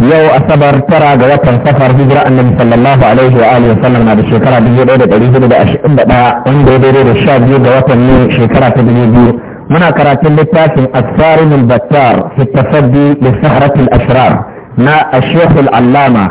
yau asabar tara ga watan safar hijira annabi sallallahu alaihi wa alihi wasallam na da shekara dubu ɗaya da ɗari hudu da ashirin da ɗaya wanda ya daidai da sha biyu ga watan ne shekara ta dubu biyu muna karatun littafin asarin albattar fi tasaddi da saharatul ashrar na ashekul allama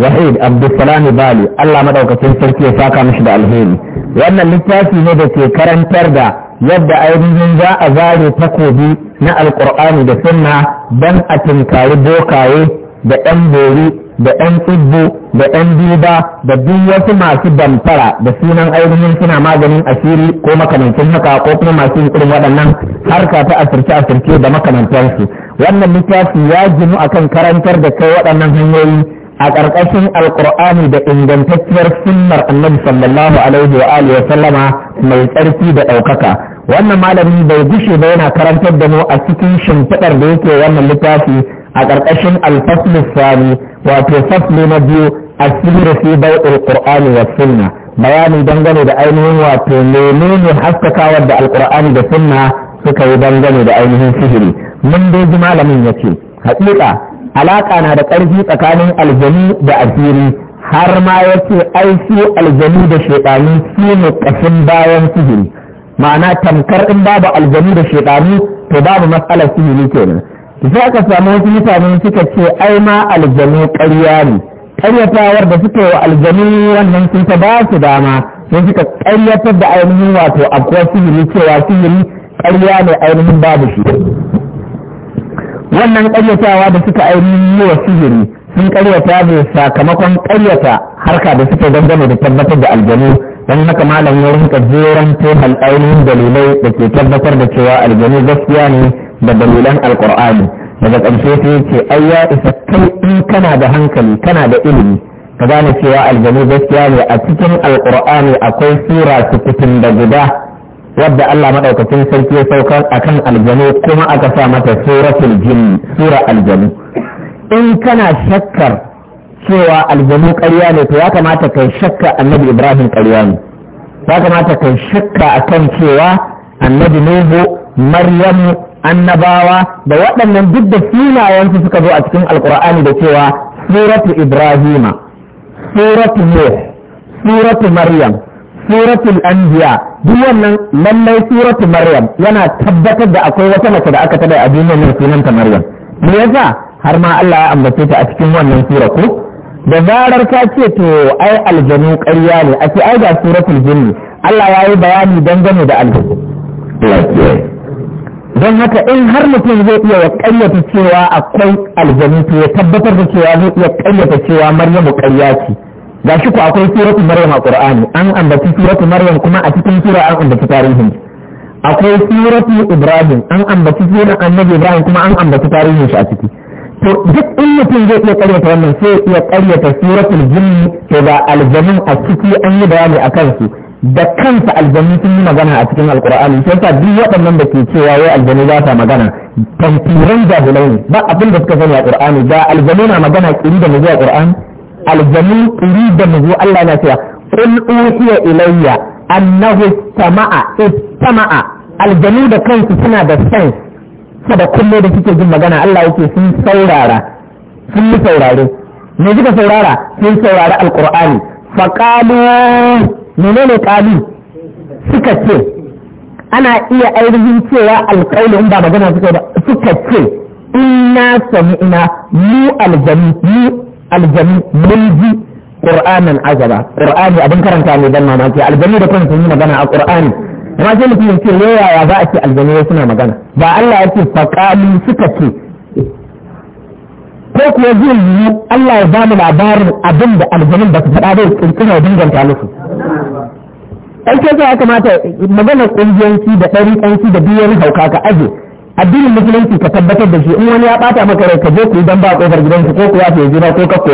wahid abdulsalam bali allah madaukakin sarki ya saka mishi da alheri wannan littafi ne da ke karantar da yadda ainihin za a zare takobi na alkur'ani da sunna don a tunkari bokaye da ɗan bori da ɗan tsibbo da ɗan duba da duk wasu masu damfara da sunan ainihin suna maganin asiri ko makamancin haka ko kuma masu irin waɗannan harka ta asirce asirce da makamantarsu wannan littafi ya a kan karantar da kai waɗannan hanyoyi a ƙarƙashin alƙur'ani da ingantacciyar sunnar annabi sallallahu alaihi wa alihi wa sallama mai tsarki da ɗaukaka wannan malami bai gushe ba yana karantar da mu a cikin shimfiɗar da yake wannan littafi a ƙarƙashin alfaslu sani wato fasli na biyu asiru fi bai'ul Alƙur'ani wa sunna bayani dangane da ainihin wato menene haskakawar da Alƙur'ani da sunna suka yi dangane da ainihin sihiri mun dai ji malamin ce. haƙiƙa alaƙa na da ƙarfi tsakanin aljanu da asiri har ma yace ai su aljanu da shaytani su ne bayan sihiri ma'ana tamkar in babu aljanu da shaytani to babu matsalar sihiri kenan za ka samu wasu mutane suka ce ai ma aljanu ƙarya ne ƙaryatawar da suka yi wa aljanu wannan sun ta ba su dama sun suka ƙaryatar da ainihin wato akwai sihiri cewa sihiri ƙarya ne ainihin babu shi wannan ƙaryatawa da suka ainihin yi wa sihiri sun ƙaryata ne sakamakon ƙaryata harka da suka dangane da tabbatar da aljanu don haka malam ya rinka jeran ainihin dalilai da ke tabbatar da cewa aljanu gaskiya ne da dalilan alkur'ani daga ƙarshe sai ce ai ya isa kai in kana da hankali kana da ilimi ka gane cewa aljanu gaskiya ne a cikin alkur'ani akwai sura sittin da guda wadda Allah madaukakin sarki ya saukar akan aljanu kuma aka sa mata suratul jinni sura aljanu in kana shakkar cewa aljanu ƙarya ne to ya kamata kai shakka annabi ibrahim ƙarya ne ya kamata kai shakka akan cewa annabi nuhu maryamu annabawa da waɗannan duk da sunayensu suka zo a cikin alkur'ani da cewa suratu ibrahima suratu nuh suratu maryam Suratu anbiya duk wannan lallai suratu maryam yana tabbatar da akwai wata mace da aka tada a duniya mai sunanta maryam me yasa har ma Allah ya ambace ta a cikin wannan sura ko da zarar ka ce to ai aljanu ƙarya ne a ce ai ga suratul jinni Allah ya yi bayani dangane da aljanu don haka in har mutum zai iya ya karyata cewa akwai aljanu to ya tabbatar da cewa zai iya ƙayyata cewa maryamu karya ce ga shi ko akwai suratu maryam a qur'ani an ambaci suratu maryam kuma a cikin sura an ambaci tarihin akwai suratu ibrahim an ambaci sunan annabi ibrahim kuma an ambaci tarihin shi a ciki to duk in mutum zai iya karyata wannan sai iya karyata suratul jinni to da aljanun a ciki an yi bayani a kansu da kansa aljanu sun yi magana a cikin alkur'ani sai ta duk waɗannan da ke cewa wai aljanu ba sa magana tantiran jahilai ne ba abin da suka sani a qur'ani da aljanu na magana kiri da mu zuwa qur'ani aljanu kiri da mu Allah na cewa qul uhiya ilayya annahu sama'a istama'a aljanu da kansu suna da sense da kullu da suke jin magana Allah yake sun saurara sun yi saurare me suka saurara sun saurari alkur'ani faqalu menene kalin suka ce ana iya ainihin cewa alƙauli in ba magana suka ba suka ce inna ina mu aljami mu aljami mun ji ƙur'anin azaba qur'ani abin karanta ne dan mamaki aljami da kansu yi magana a ƙur'ani amma sai mutum ya ce yaya za a ce aljami suna magana ba Allah ya ce faqalu suka ce ko kuwa zai yi Allah ya ba labarin abin da aljanin ba su faɗa bai kirkira ya dinganta musu Ƴan ke ya kamata magana ƙungiyanci da ɗari ɗariƙanci da biyan hauka ka aje addinin musulunci ka tabbatar da shi in wani ya ɓata maka rai ka je ku dan ba ƙofar gidansu ko ku ya jira ko ka ku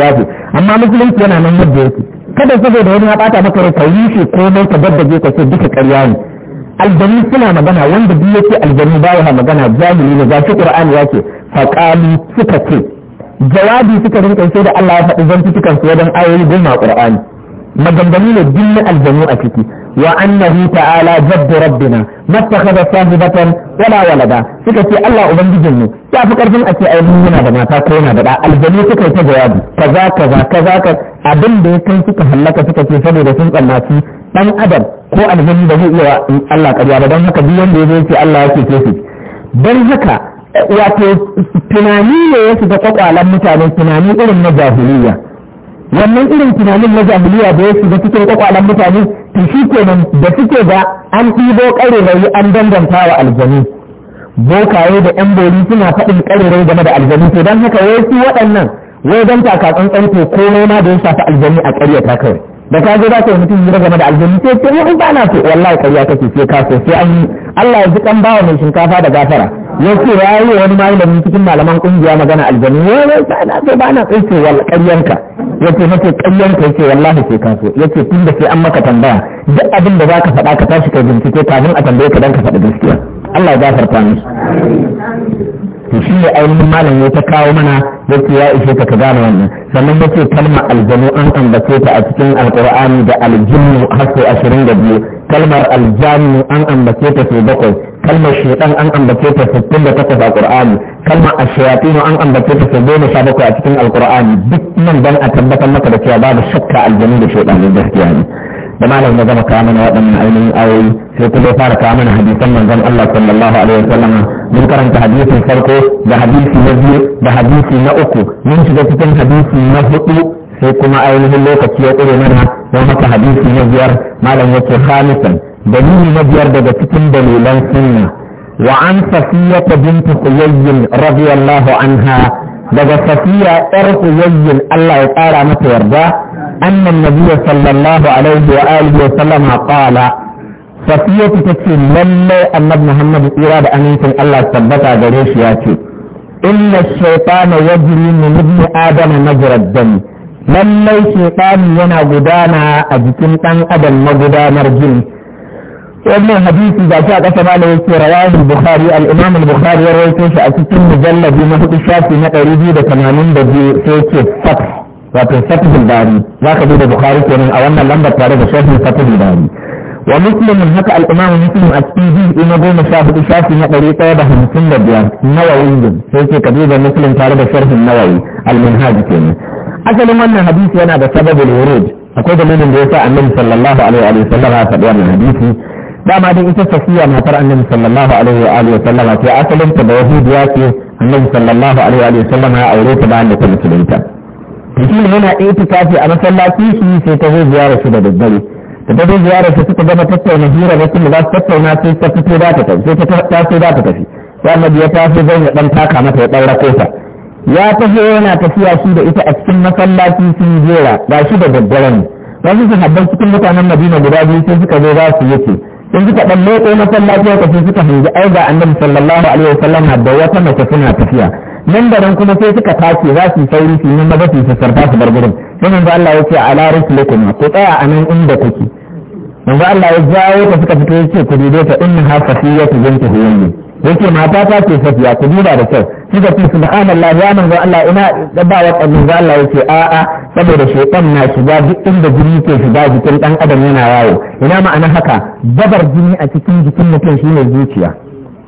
amma musulunci yana nan yadda yake kada saboda wani ya ɓata maka rai ka yi shi komai ka daddaje ka ce duka ƙarya ne aljanu suna magana wanda duk yake aljanu baya magana jahili ne gashi ya yake faƙali suka ce jawabi suka rinka sai da Allah ya faɗi zantutukan su wajen ayoyi goma Qur'ani maganganu ne din na a ciki wa annahu ta'ala jaddu rabbina mattakhadha sahibatan wala walada suka ce Allah ubangijin mu ya fi karfin a ce ai mun yana da mata ko yana da da aljanu suka yi ta jawabi kaza kaza kaza ka abin da ya kai suka hallaka suka ce saboda sun tsammaci dan adam ko aljanu ba zai iya Allah ƙarya ba don haka duk wanda ya zo ce Allah ya ce dan haka wato tunani ne ya shiga kwakwalen mutane tunani irin na jahiliya wannan irin tunanin na jahiliya da ya shiga cikin kwakwalen mutane to shi kenan da suke ga an ɗibo ƙarerayi an danganta wa aljanu bokaye da yan bori suna faɗin ƙarerayi game da aljanu to don haka wai su waɗannan wai don tsantsan to ko ma da ya shafi aljanu a ta kawai da ka zo za ka yi mutum yi game da aljanu sai ce in ba na to wallahi ƙarya kake sai ka so sai an yi Allah ya ji kan bawa mai shinkafa da gafara yace ya yi wani malamin cikin malaman kungiya magana aljanu ya ta na so ba na ce wal yace nace ya ce wallahi sai ka so yace tun da sai an maka tambaya duk abin da zaka faɗa ka tashi ka bincike kafin a tambaye ka dan ka faɗi gaskiya Allah ya gafarta musu to shi ne ainihin malam ya ta kawo mana yace ya ishe ka ka gane wannan sannan yace kalmar aljanu an ambace ta a cikin alkur'ani da aljinnu ashirin da biyu kalmar aljanu an ambace ta sai bakwai kalmar shaitan an ambace ta 68 a Qur'ani kalmar ashayatinu an ambace ta 17 a cikin alkur'ani duk nan dan a tabbatar maka da cewa babu shakka aljanu da shaitan da gaskiya ne da malam na gama kawo mana waɗannan ainihin ayoyi sai kuma fara kawo mana hadisan manzon Allah sallallahu alaihi wasallam mun karanta hadisin farko da hadisi na biyu da hadisi na uku mun shiga cikin hadisi na hudu sai kuma ainihin lokaci ya ƙure mana don haka hadisi na biyar malam yake khamisan dalili na biyar daga cikin dalilan sunna wa an safiya ta binti huyayyin radiyallahu anha daga safiya yar huyayyin Allah ya tsara mata yarda annan nabiyyu sallallahu alaihi wa alihi wa sallama qala safiyatu ta ce lallai annabi muhammad tsira da amincin allah tabbata gare shi ya ce inna shaitana yajri min ibni adama majrad dam lallai shaitani yana gudana a jikin ɗan adam magudanar jini wannan hadisi da ta kasa malam yake rawahi bukhari al-imam al-bukhari ya rawaito shi a cikin mujalladi na hudu shafi na 282 sai yake fat wato fatihul bari zaka duba bukhari kenan a wannan lambar tare da shafi fatihul bari wa muslim haka al-imam muslim a cikin juz'i na goma sha hudu shafi na ɗari ɗaya da hamsin da biyar nawawi din sai yake ka duba muslim tare da sharhin nawawi al-minhaj kenan asalin wannan hadisi yana da sababul wurud akwai dalilin da yasa annabi sallallahu alaihi wa sallam ya faɗi wannan hadisi dama dai ita safiya matar annabi sallallahu alaihi wa alihi sallama ce asalin ta da yahudiya ce annabi sallallahu alaihi wa sallama ya aure ta bayan da ta musulunta shi ne yana itikafi a masallaci shi sai ta zo ziyara shi da daddare da ta zo ziyara shi suka gama tattauna hira da kuma za su tattauna sai ta fito za ta tafi sai ta taso za ta tafi sai annabi ya tafi zan ya dan taka mata ya ɗaura kota ya taho yana tafiya shi da ita a cikin masallaci sun jera ba shi da daddare ne wasu sahabban cikin mutanen Madina guda biyu sai suka zo za su yi ce. in suka dan motsa masallaci ka sai suka hangi ai ga annabi sallallahu alaihi wasallam da wata mace suna tafiya nan da nan kuma sai suka tashi za su sauri su yi maza su sassarfa su bar gurin sai manzo Allah ya ce ala rusulukum ku tsaya a nan inda kuke manzo Allah ya jawo ta suka fito ya ce ku daidaita inna hafasiyatu bintu huwayi yake mata ta ce safiya ku duba da kyau shi ka ce subhanallah ya ga Allah ina ba wa kannin Allah yake a a saboda shaytan na shiga duk inda jini ke shiga jikin dan adam yana yawo ina ma'ana haka babar jini a cikin jikin mutum shine zuciya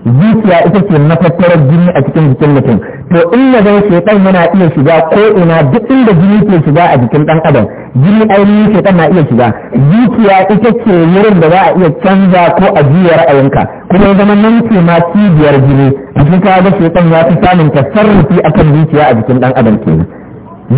zuciya ita ce matattarar jini a cikin jikin mutum to in ya zai shaitan yana iya shiga ko ina duk inda jini ke shiga a jikin dan adam jini ainihin shaitan na iya shiga zuciya ita ce wurin da za a iya canza ko a juya ra'ayinka kuma ya zama nan ce ma cibiyar jini cikin ka ga shaitan ya fi samun tasarrufi akan zuciya a jikin dan adam kenan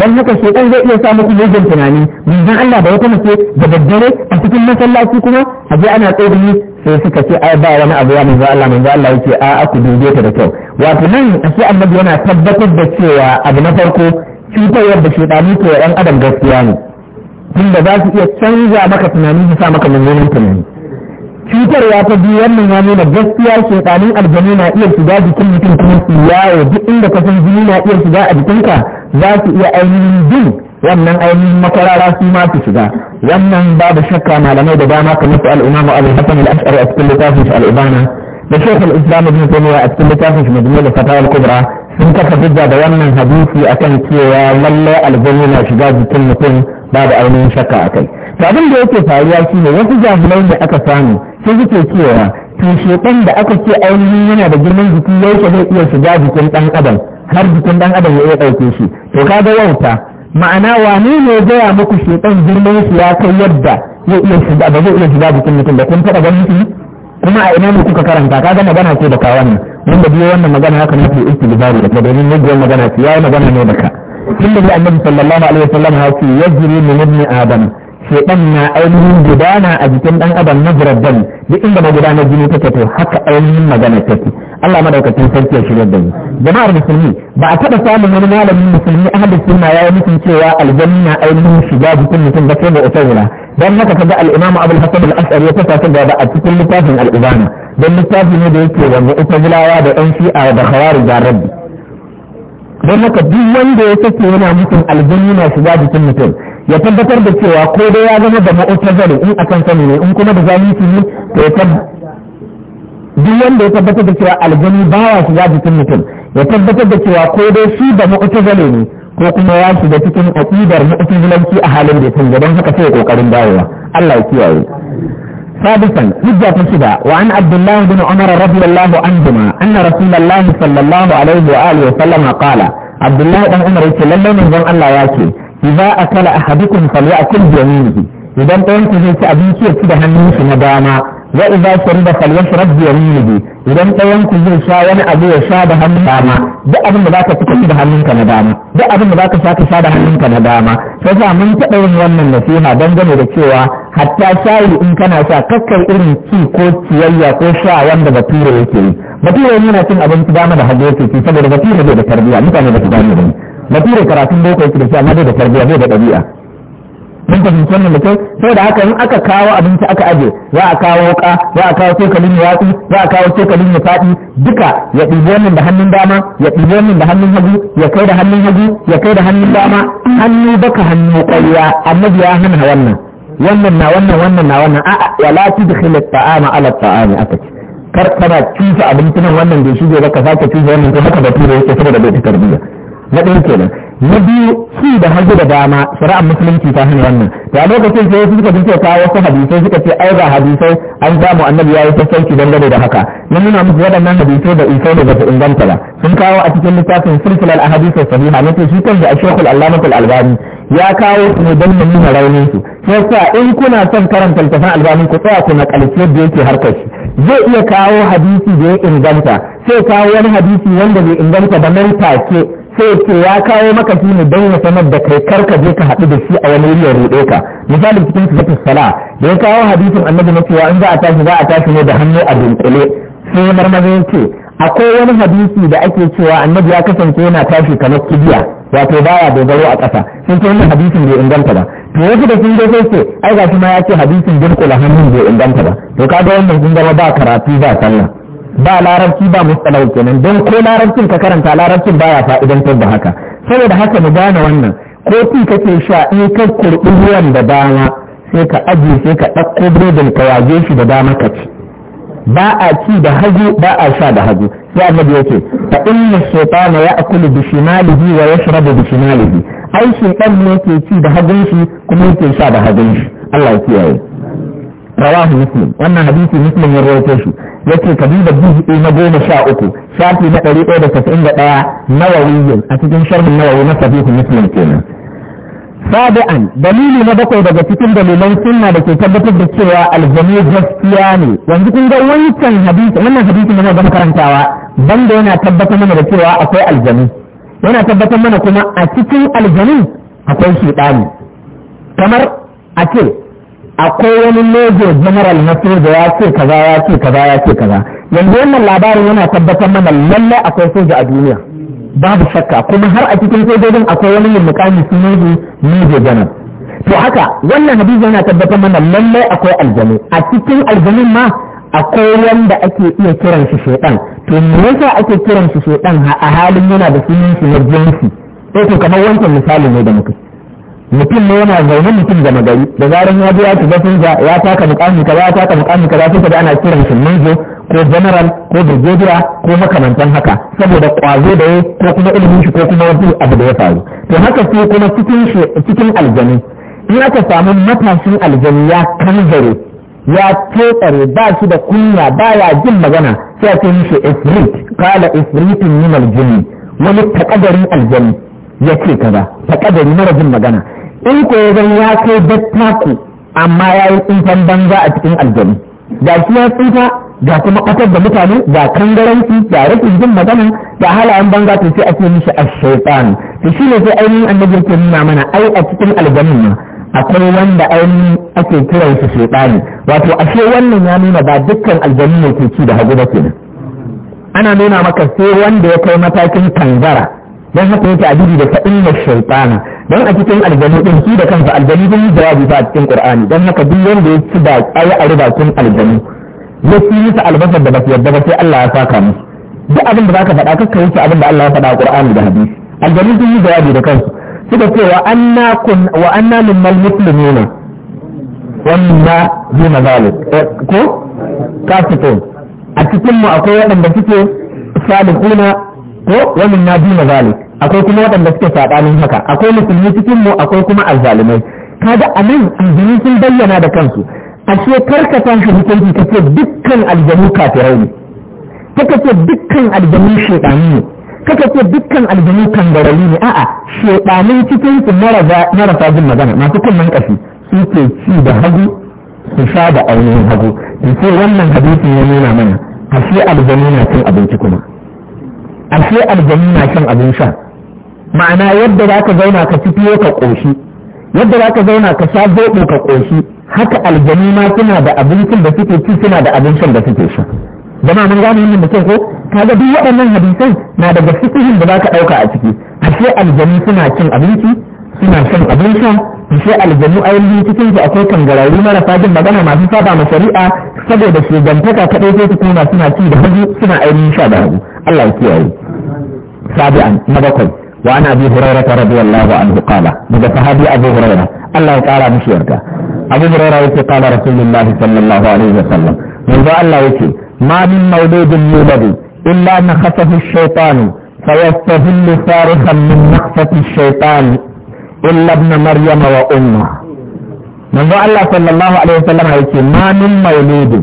dan haka zai iya samu mugun tunani zan Allah da wata mace da daddare a cikin masallaci kuma a je ana tsodani sai suka ce ai ba wani abu ya manzo Allah manzo Allah yake a ku dube ta da kyau wato nan ashe annabi yana tabbatar da cewa abu na farko cutar yadda shedani ke yan adam gaskiya ne tunda za su iya canza maka tunani su sa maka mummunan tunani cutarwa ta biyu wannan ya nuna gaskiya shedanin aljanu na iya shiga jikin mutum kuma su yawo duk inda ka san jini na iya shiga a jikinka za su iya ainihin bin wannan ainihin makarara su ma su shiga wannan babu shakka malamai da dama kamar su al-imam Abu Hasan al-Ash'ari a cikin littafin shi al da Sheikh al-Islam Ibn Taymiyyah a cikin littafin shi Majmu' al-Fatawa al-Kubra sun kafa hujja da wannan hadisi akan cewa lallai aljanna na shiga jikin mutum babu ainihin shakka akai to abin da yake faruwa shine wasu jahilai da aka samu sai suke cewa ɗan da aka ce ainihin yana da girman jiki yau zai iya shiga jikin ɗan adam har jikin ɗan adam ya iya ɗauke shi to kaga wauta ma'ana wani ne gaya muku shekan girman su ya kai yadda ya iya shiga ba zai iya shiga jikin mutum da kun taɓa ganin shi kuma a ina ne kuka karanta ka ga magana ce da ka wannan wanda biyo wannan magana haka na fi uku libari da ka domin muguwar magana ce ya yi magana ne da ka tun da annabi sallallahu alaihi sallam ya ce yajri min ibni adam shedan na ainihin gudana a jikin dan adam na buradan duk inda magudanar jini take to haka ainihin magana take Allah madaukakin sarki ya shigar da mu jama'ar musulmi ba a taɓa samun wani malamin musulmi ahli sunna ya yi mutum cewa aljanna ainihin shiga jikin mutum ba sai da usawra dan haka kaga al-imamu abul hasan al-as'ari ya tafasa gaba a cikin littafin al-ibana dan littafi ne da yake wanda usawrawa da ɗan shi'a da khawarij da rabbi don haka duk wanda ya sake yana mutum aljanna shiga jikin mutum ya tabbatar da cewa ko dai ya zama da mu'tazali in akan sani ne in kuma da zalunci ne to ya duk wanda ya tabbatar da cewa aljani baya shiga jikin mutum ya tabbatar da cewa ko dai shi da mu'tazali ne ko kuma ya shiga cikin aqidar mu'tazilanci a halin da yake don haka sai kokarin dawowa Allah ya kiyaye سادسا حجة شدة وعن عبد الله بن عمر رضي الله عنهما أن رسول الله صلى الله عليه وآله وسلم قال عبد الله بن عمر يقول لله الله ياكي idza akala ahadukum falyakul bi yaminihi idan ɗayan ku zai ci abinci ya ci da hannun shi na dama wa idza shariba falyashrab bi idan ɗayan zai sha wani abu ya sha da hannun dama duk abin da zaka fita da hannunka na dama duk abin da zaka ka sha da hannunka na dama sai mun taɓa yin wannan nasiha dangane da cewa hatta shayi in kana sha kakkai irin ci ko ciyayya ko sha wanda bature yake yi bature yana cin abinci dama da hagu yake saboda bature bai da tarbiyya mutane ba su gane ba mafirin karatun boko yake da shi amma da tarbiyya bai da ɗabi'a mun fahimci wannan da kyau sai da haka in aka kawo abinci aka aje za a kawo wuka za a kawo cokalin ya yatsu za a kawo cokalin ya faɗi duka ya ɗibi wannan da hannun dama ya ɗibi wannan da hannun hagu ya kai da hannun hagu ya kai da hannun dama hannu baka hannu ƙarya annabi ya hana wannan wannan na wannan wannan na wannan a'a wala tudkhil at-ta'ama ala at-ta'ami aka ce kar kana cusa abincin wannan da shi zai baka sake cusa wannan ko haka tura yake saboda bai da tarbiyya na ɗaya kenan na biyu su da hagu da dama shari'ar musulunci ta hana wannan da a lokacin sai suka dinka kawo wasu hadisai suka ce ai ga hadisai an samu annabi yayi sassauci dangane da haka na nuna musu waɗannan hadisai da isai da basu inganta ba sun kawo a cikin littafin silsilar ahadisai sahiha na ce shi kan da ashekul allamatul albani ya kawo su ne don nuna raunin su sai sa in kuna son karanta littafin albani ku tsaya ku nakalci yadda yake harkar shi zai iya kawo hadisi da ya inganta sai kawo wani hadisi wanda bai inganta ba nan take sai ce ya kawo maka shi ne don ya sanar da kai kar ka je ka haɗu da shi a wani wuri ya ruɗe ka misali cikin sifatul sala da ya kawo hadisin annabi na cewa in za a tashi za a tashi ne da hannu a dunkule sai ya marmaza ya ce akwai wani hadisi da ake cewa annabi ya kasance yana tashi kamar kibiya wato baya dogaro a ƙasa sun ce wannan hadisin bai inganta ba to wasu da sun sai ce ai shi ma ya ce hadisin dunkula hannun bai inganta ba to kaga wannan sun zama ba karatu ba sallah ba larabci ba mustalahu kenan don ko larabcin ka karanta larabcin baya fa'idantar da haka saboda haka mu gane wannan ko ti kake sha in ka kurbi ruwan da dama sai ka ajiye sai ka ɗauko biredin ka waje shi da dama ka ci ba a ci da hagu ba a sha da hagu sai annabi yake fa inna shaytana ya'kulu bi shimalihi wa yashrabu bi shimalihi ai shaytan ne ke ci da hagun shi kuma yake sha da hagun shi Allah ya kiyaye rawahu muslim wannan hadisi muslim ya rawaito shi yace ka duba juz'i na goma sha uku shafi na ɗari ɗaya da tasa'in da ɗaya nawawi a cikin sharhin nawawi na sahihu muslim kenan sabi'an dalili na bakwai daga cikin dalilan sunna da ke tabbatar da cewa aljami gaskiya ne yanzu kun ga wancan hadisi wannan hadisi na magana karantawa banda yana tabbatar mana da cewa akwai aljami yana tabbatar mana kuma a cikin aljami akwai shidani kamar a ce akwai wani major general na soja ya ce kaza ya ce kaza ya ce kaza yanzu wannan labarin yana tabbatar mana lalle akwai soja a duniya babu shakka kuma har a cikin sojojin akwai wani yin mukami su major general to haka wannan hadisi yana tabbatar mana lalle akwai aljanu a cikin aljanun ma akwai wanda ake iya kiran shi shaidan to me yasa ake kiran shi shaidan a halin yana da sunan shi na jinsi eh, to kamar wancan misali ne da muka mutum ne yana zaune mutum gama gari da zaran ya biya sun batunsa ya taka mukami kaza ya taka mukami kaza sai da ana kiran shi manzo ko general ko brigadier ko makamantan haka saboda kwazo da ya ko kuma ilimin shi ko kuma wani abu da ya faru to haka sai kuma cikin cikin aljanu in aka samu matashin aljanu ya kanzare ya tsotsare ba shi da kunya ba ya jin magana sai a ce mishi ifrit kala ifritin min aljini wani takadarin aljanu ya ce kaza takadari mara jin magana in ko ya zan ya kai ku amma ya yi tsufan banza a cikin aljanu ga shi ya tsinfa ga kuma ƙasar da mutane ga kangaranci ga rashin jin magana ga halayen banza to sai ake mishi a shaitan to shi ne sai ainihin annabi yake nuna mana ai a cikin aljanu ne akwai wanda ainihin ake kiran shi shaitani wato ashe wannan ya nuna ba dukkan aljanu ne ke ci da hagu ba kenan ana nuna maka sai wanda ya kai matakin kangara don haka yake a dubi da ta inna shaitana dan a cikin aljanu din shi da kansa aljanu din jawabi ba a cikin qur'ani dan haka duk wanda ya ci da ayi a riba cikin aljanu ya ci musu albasar da ba su yarda ba sai Allah ya saka musu duk abin da zaka faɗa kakka wuce abin da Allah ya faɗa a qur'ani da hadisi aljanu sun yi jawabi da kansu suka ce wa anna kun wa anna minal muslimina wa minna duna zalik eh, ko kafitun a cikin mu akwai waɗanda suke salikuna ko wa minna duna zalik akwai kuma waɗanda suke saɓanin haka akwai musulmi cikin mu akwai kuma azzalumai kaga nan aljanu sun bayyana da kansu ashe karkata shi hukunci ce dukkan aljanu kafirai ne ka ce dukkan aljanu shedani ne ka ce dukkan aljanu kangarali ne a'a shedanin cikin su marasa jin magana masu man kashi su ke ci da hagu su sha da ainihin hagu ce wannan hadisin ya nuna mana ashe aljanu na cin abinci kuma ashe aljanu na cin abin sha ma'ana yadda za ka zauna ka ci ka ƙoshi yadda za ka zauna ka sha zoɓo ka ƙoshi haka aljanu ma suna da abincin da suke ci suna da abincin da suke sha zama mun gane wannan mutum ko kaga duk waɗannan hadisan na daga fikihin da za ka ɗauka a ciki ashe aljanu suna cin abinci suna shan abin sha ashe aljanu ainihin cikin su akwai kangararru marasa jin magana masu saba ma shari'a saboda shugantaka ta ɗauke su kuma suna ci da hagu suna ainihin sha da hagu Allah ya kiyaye sabi'an na bakwai وعن أبي هريرة رضي الله عنه قال هذا صحابي أبو هريرة الله تعالى مش يرجع أبو هريرة قال رسول الله صلى الله عليه وسلم من الله يكي ما من مولود يولد إلا نخسه الشيطان فيستهل صارخا من نخسة الشيطان إلا ابن مريم وأمه من الله صلى الله عليه وسلم يكي ما من مولود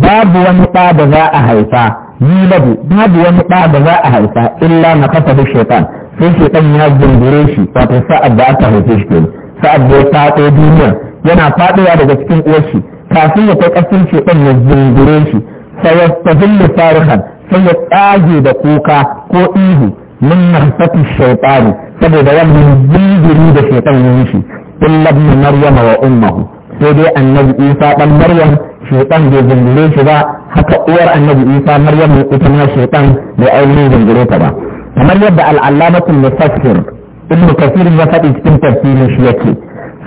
باب ومطاب ذا أهيفا يولد باب ومطاب ذا أهيفا إلا نخسه الشيطان sai ke ya zumbure shi wato sa'ad da aka haife shi kenan sa'ad da ya faɗo duniya yana faɗowa daga cikin uwar shi kafin ya kai ƙasar shi ya zumbure shi sai ya tazillu farihan sai ya tsage da kuka ko ihu min nafsati shaytani saboda wannan zingiri da shaytan ya mishi illa ibn maryama wa ummuhu sai dai annabi isa dan maryam shaytan bai zumbure shi ba haka uwar annabi isa maryam ita ma shaytan bai ainihin zumbure ta ba kamar yadda al'allamatul mufassir ibnu kasir ya faɗi cikin tafsirin shi yake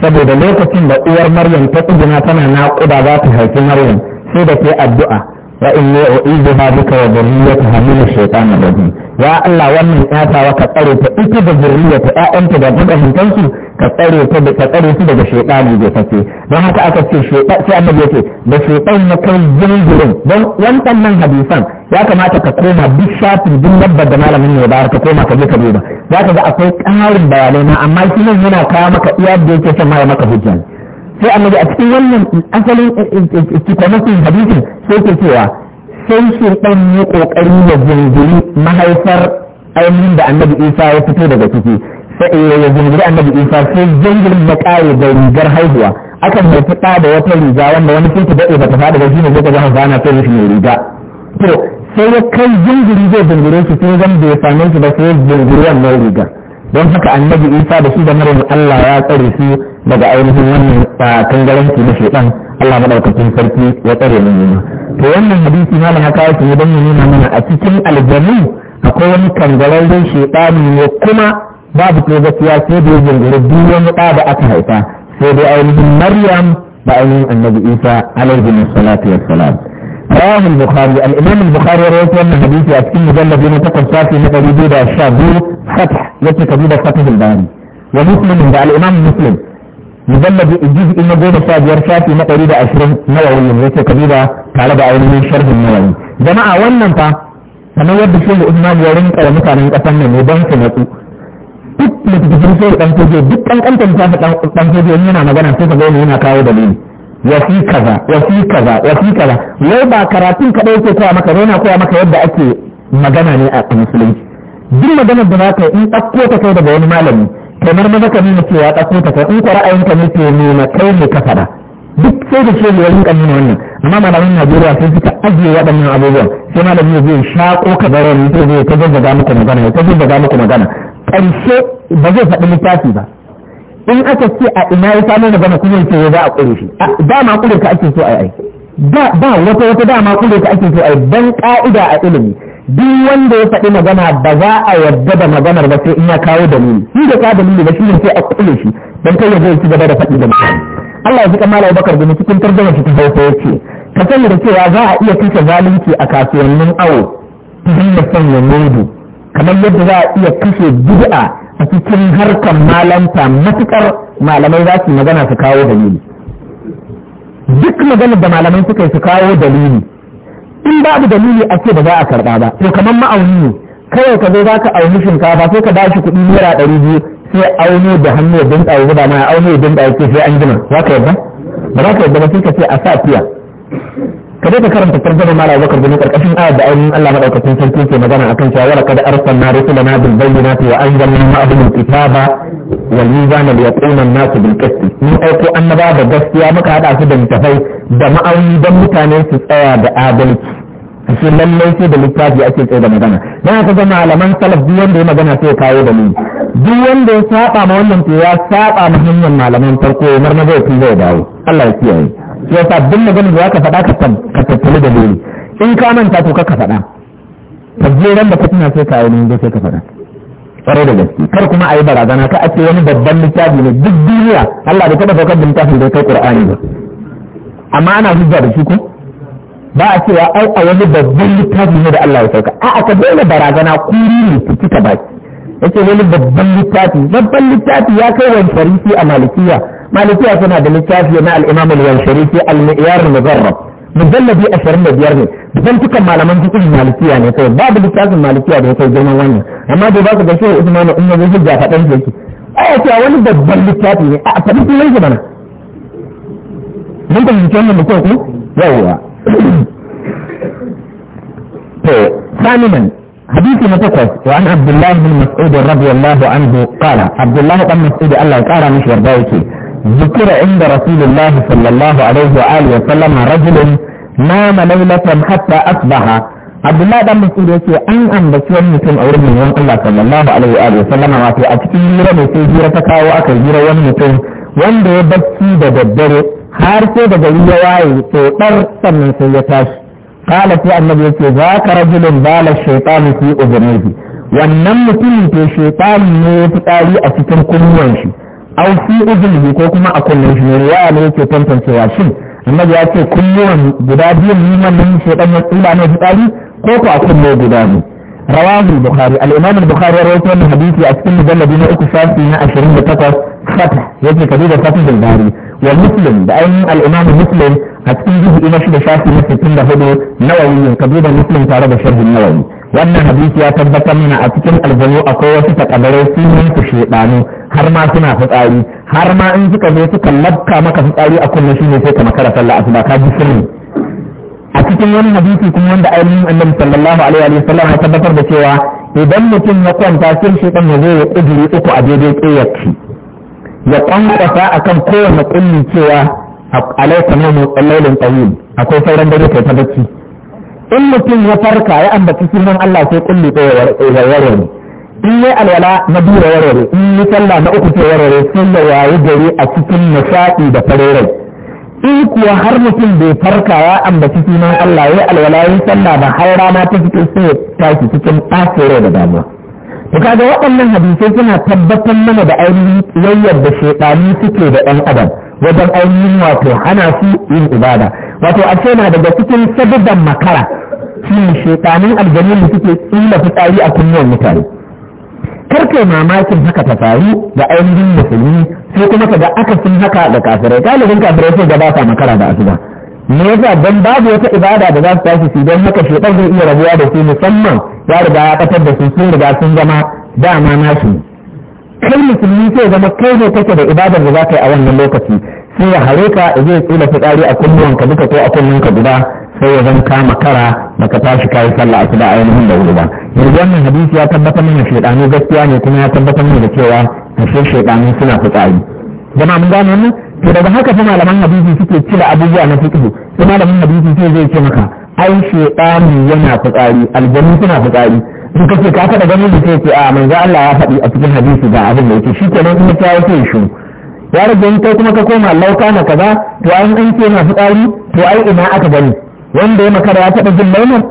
saboda lokacin da uwar maryam ta tsuguna tana naƙuda za ta haifi maryam sai da ke addu'a wa in ne uizu ha bika wa zurriyata min shaytan rajim ya Allah wannan ƴata ka tsare ta ita da zurriyata ƴaƴanta da hankansu. ka tsare ta su daga shaytani da fate don haka aka ce shaytan sai annabi yace da shaytan ya kai zungurin don wannan hadisan ya kamata ka koma duk shafin duk labbar da malamin ne ba ka koma ka je ka duba za ka ga akwai ƙarin bayanai na amma shi nan yana kawo maka iya da yake son ma maka hujja sai annabi a cikin wannan asalin eh, eh, eh, kitabatin hadisin sai ke cewa sai shaytan ya kokari ya zunguri mahaifar ainihin da annabi Isa ya fito daga ciki Eh, ya zunguri annabi isa sai zangirin ya kare da rigar haihuwa akan mai fita da wata riga wanda wani sun da ba ta faɗa ba shi ne zai ka zama zana sai rashin riga to sai ya kai zunguri zai zungure sun zama zan bai same su ba sai zunguri wannan rigar don haka annabi isa da shi da mara allah ya tsare su daga ainihin wannan kangaranci na shaidan allah madaukakin sarki ya tsare mu ne to wannan hadisi na haka yake ne don ya nuna mana a cikin aljanu akwai wani kangararren shaidani ne kuma babu ko gaskiya sai da zunguri duk wani ɗa da aka haifa sai dai ainihin maryam da ainihin annabi isa alaihi salatu wassalam رواه البخاري الامام البخاري رواه ان حديث ياتي مجلد بين تقل صافي نبي بيد الشابو فتح يتي كبير فتح الباني ومسلم ده الامام مسلم مجلد الجزء انه بين صافي شافي نبي بيد 20 نووي يتي كبير تعالى ده عينين النووي جماعه wannan fa kamar yadda shi Usman ya rinka mutanen kasan nan ne duk littattafan sai dan fage duk kankantar ta dan fage yana magana sai ka ga yana kawo dalili Ya fi kaza ya fi kaza ya fi kaza wai ba karatun kadai yake koya maka yana koya maka yadda ake magana ne a musulunci duk maganar da zaka yi in ɗauko ta kai daga wani malami kamar maza ka nuna cewa ɗauko ta kai in ka ra'ayinka ne ke nuna kai ne ka faɗa duk sai da ce yayin kan nuna wannan amma malamin Najeriya sai suka ajiye waɗannan abubuwan sai malami zai shaƙo ka bare ne zai ta zazzaga muku magana ta zazzaga muku magana ƙarshe ba zai faɗi littafi ba in aka ce a ina ya samu magana kuma ya za a ƙure shi dama ƙure ka ake so a yi ba wata wata dama ƙure ka ake so a yi don ƙa'ida a ilimi duk wanda ya faɗi magana ba za a yarda da maganar ba sai in ya kawo dalili shi da ka dalili ba shi ne sai a ƙure shi don kai ya zo ci gaba da faɗi da mutane Allah ya ji kamar Bakar da cikin tarjuma shi ta hausa ce ka sani da cewa za a iya kashe zalunci a kasuwannin awo ta hanyar sanya mudu kamar yadda za a iya kashe bid'a a cikin harkar malanta matukar malamai za su magana su kawo dalili duk magana da malamai suka su kawo dalili in babu dalili a ce ba za a karɓa ba to kamar ma'auni ne kawai ka zo za ka auni shinkafa sai ka bashi kuɗi naira ɗari biyu sai auni da hannu ya dinga yi ba ma ya dinka ya ce sai an gina za ka yadda ba za ka yadda ba sai ka ce a sa fiya ka dai ta karanta tarjuma mala bakar bin karkashin ayat da ainihin Allah madaukakin sarki ke magana akan cewa wa kad arsalna rusulana bil bayyinati wa anzalna ma'ahum kitaba wal mizana liyaqima an-nas bil qist mun aiko annaba da gaskiya muka hada su da mutafai da ma'auni dan mutane su tsaya da adalci shi lallai sai da littafi ake tsaye da magana dan haka ga malaman salaf duk wanda ya magana sai kawo da ni duk wanda ya saba ma wannan to ya saba ma hanyar malaman farko Umar na zai fi zai dawo Allah ya kiyaye ya sa duk maganar da zaka faɗa ka tattali da dole in ka manta to ka faɗa tabbiran da ka tuna sai ka yi ne sai ka faɗa Kare da gaske kar kuma a yi barazana ka ake wani babban littafi ne duk duniya Allah da kada saukar da littafin da kai Qur'ani ba amma ana hujja da shi ko ba a cewa ai a wani babban littafi ne da Allah ya sauka a aka dole barazana kuri ne su cika baki yace wani babban littafi babban littafi ya kai wani farisi a malikiya مالكية هنا دلتافية مع الإمام الغنشري في المئيار المضرب مجلة دي أشرين مئيار دي بسان تكم على من تكون مالكية يعني طيب باب دلتافية مالكية دي يعني. طيب جمع وانيا أما دي باقي بشيء إثمان أمي بيجي جافة تنزلك أي آه، أتي أولي بدل دلتافية أعتبت آه، ليس بنا ممكن يتكلم بكوكو يوه ثانيا حديث متكوس وعن عبد الله بن مسعود رضي الله عنه قال عبد الله بن مسعود الله تعالى مش يرضاكي ذكر عند رسول الله صلى الله عليه وآله وسلم رجل نام ليلة حتى أصبح عبد الله بن مسعود yace an ambaci mutum a wurin manzon Allah sallallahu alaihi wa alihi sallama wato a cikin hira mai sai hira ta kawo aka hira wani mutum wanda ya bacci da daddare har sai daga gari ya waye to sannan sai ya tashi qala sai annabi yace zaka rajulun bala shaytanu fi udunihi wannan mutumin to ne ya fitari a cikin kunnuwan shi au fi uzunihi ko kuma a kullum shi ne riwaya ne yake tantancewa shin annabi ya ce kullum guda biyu liman nan dan ya tsila ne fitsari ko ko a kullum guda biyu rawahu al-bukhari al-imam al-bukhari ya a cikin mujalladi na uku shafi na 28 fatah yake kabi da fatah al wa muslim da ainihin al-imam a cikin juhu na shida shafi na sittin da hudu nawawi yin kabi da muslim tare da sharhin nawawi wannan hadisi ya tabbatar mana a cikin aljanu akwai wasu takabarai yi su shedanu har ma suna fitsari har ma in suka zo suka labka maka fitsari a kunne shine sai ka makara sallah asuba ka ji sirri a cikin wani hadisi kuma wanda ainihin annabi sallallahu alaihi wa sallam ya tabbatar da cewa idan mutum ya kwanta sai shedan ya zo ya kuduri uku a daidai kiyarci ya kwankwasa akan kowane kulli cewa alaika mu tsallailin tsayin akwai sauran dare kai ta bacci in mutum ya farka ya ambaci sunan Allah sai kulli ya warware ne in yi alwala na biyu warware in yi sallah na uku ta warware sai ya wayi gari a cikin nishaɗi da farerai in kuwa har mutum bai farka ya ambaci sunan Allah ya alwala ya sallah ba har rana ta fito sai ya tashi cikin ɓacin da damuwa to kaga waɗannan hadisai suna tabbatar mana da ainihin yayyar da shekaru suke da ɗan adam wajen ainihin wato hana su yin ibada wato a ce na daga cikin sabidan makara shi shekanin aljanin da suke tsila fitsari a kunnuwan mutane karkai mamakin haka ta faru da ainihin musulmi sai kuma ka ga akasin haka da kafirai galibin kafirai sai gaba makara da asuba me yasa dan babu wata ibada da za su tashi su don haka shekar zai iya rabuwa da su musamman ya riga ya katar da su sun riga sun zama dama nasu kai musulmi sai zama kai ne kake da ibadar da za ka yi a wannan lokaci sai ya hare ka zai tsila fitsari a kunnuwan ka duka ko a kunnuwan ka guda sai ya zama kama kara ka tashi kayi sallah asuba a ainihin da wuri ba yanzu wannan hadisi ya tabbatar mana shaidanu gaskiya ne kuma ya tabbatar mana da cewa ashe shaidanu suna fitsari jama'a mun gane wannan to daga haka fa malaman hadisi suke cire abubuwa na fiqh sai malamin hadisi sai zai ce maka ai shaidani yana fitsari aljanu suna fitsari su ka ka faɗa ganin da sai a manzo Allah ya faɗi a cikin hadisi ga abin da yake shi kenan kuma ta yake shi ya rage in kai kuma ka koma lauka na kaza to an an ce masu tsari to ai ina aka gani wanda ya makara ya taɓa jin launin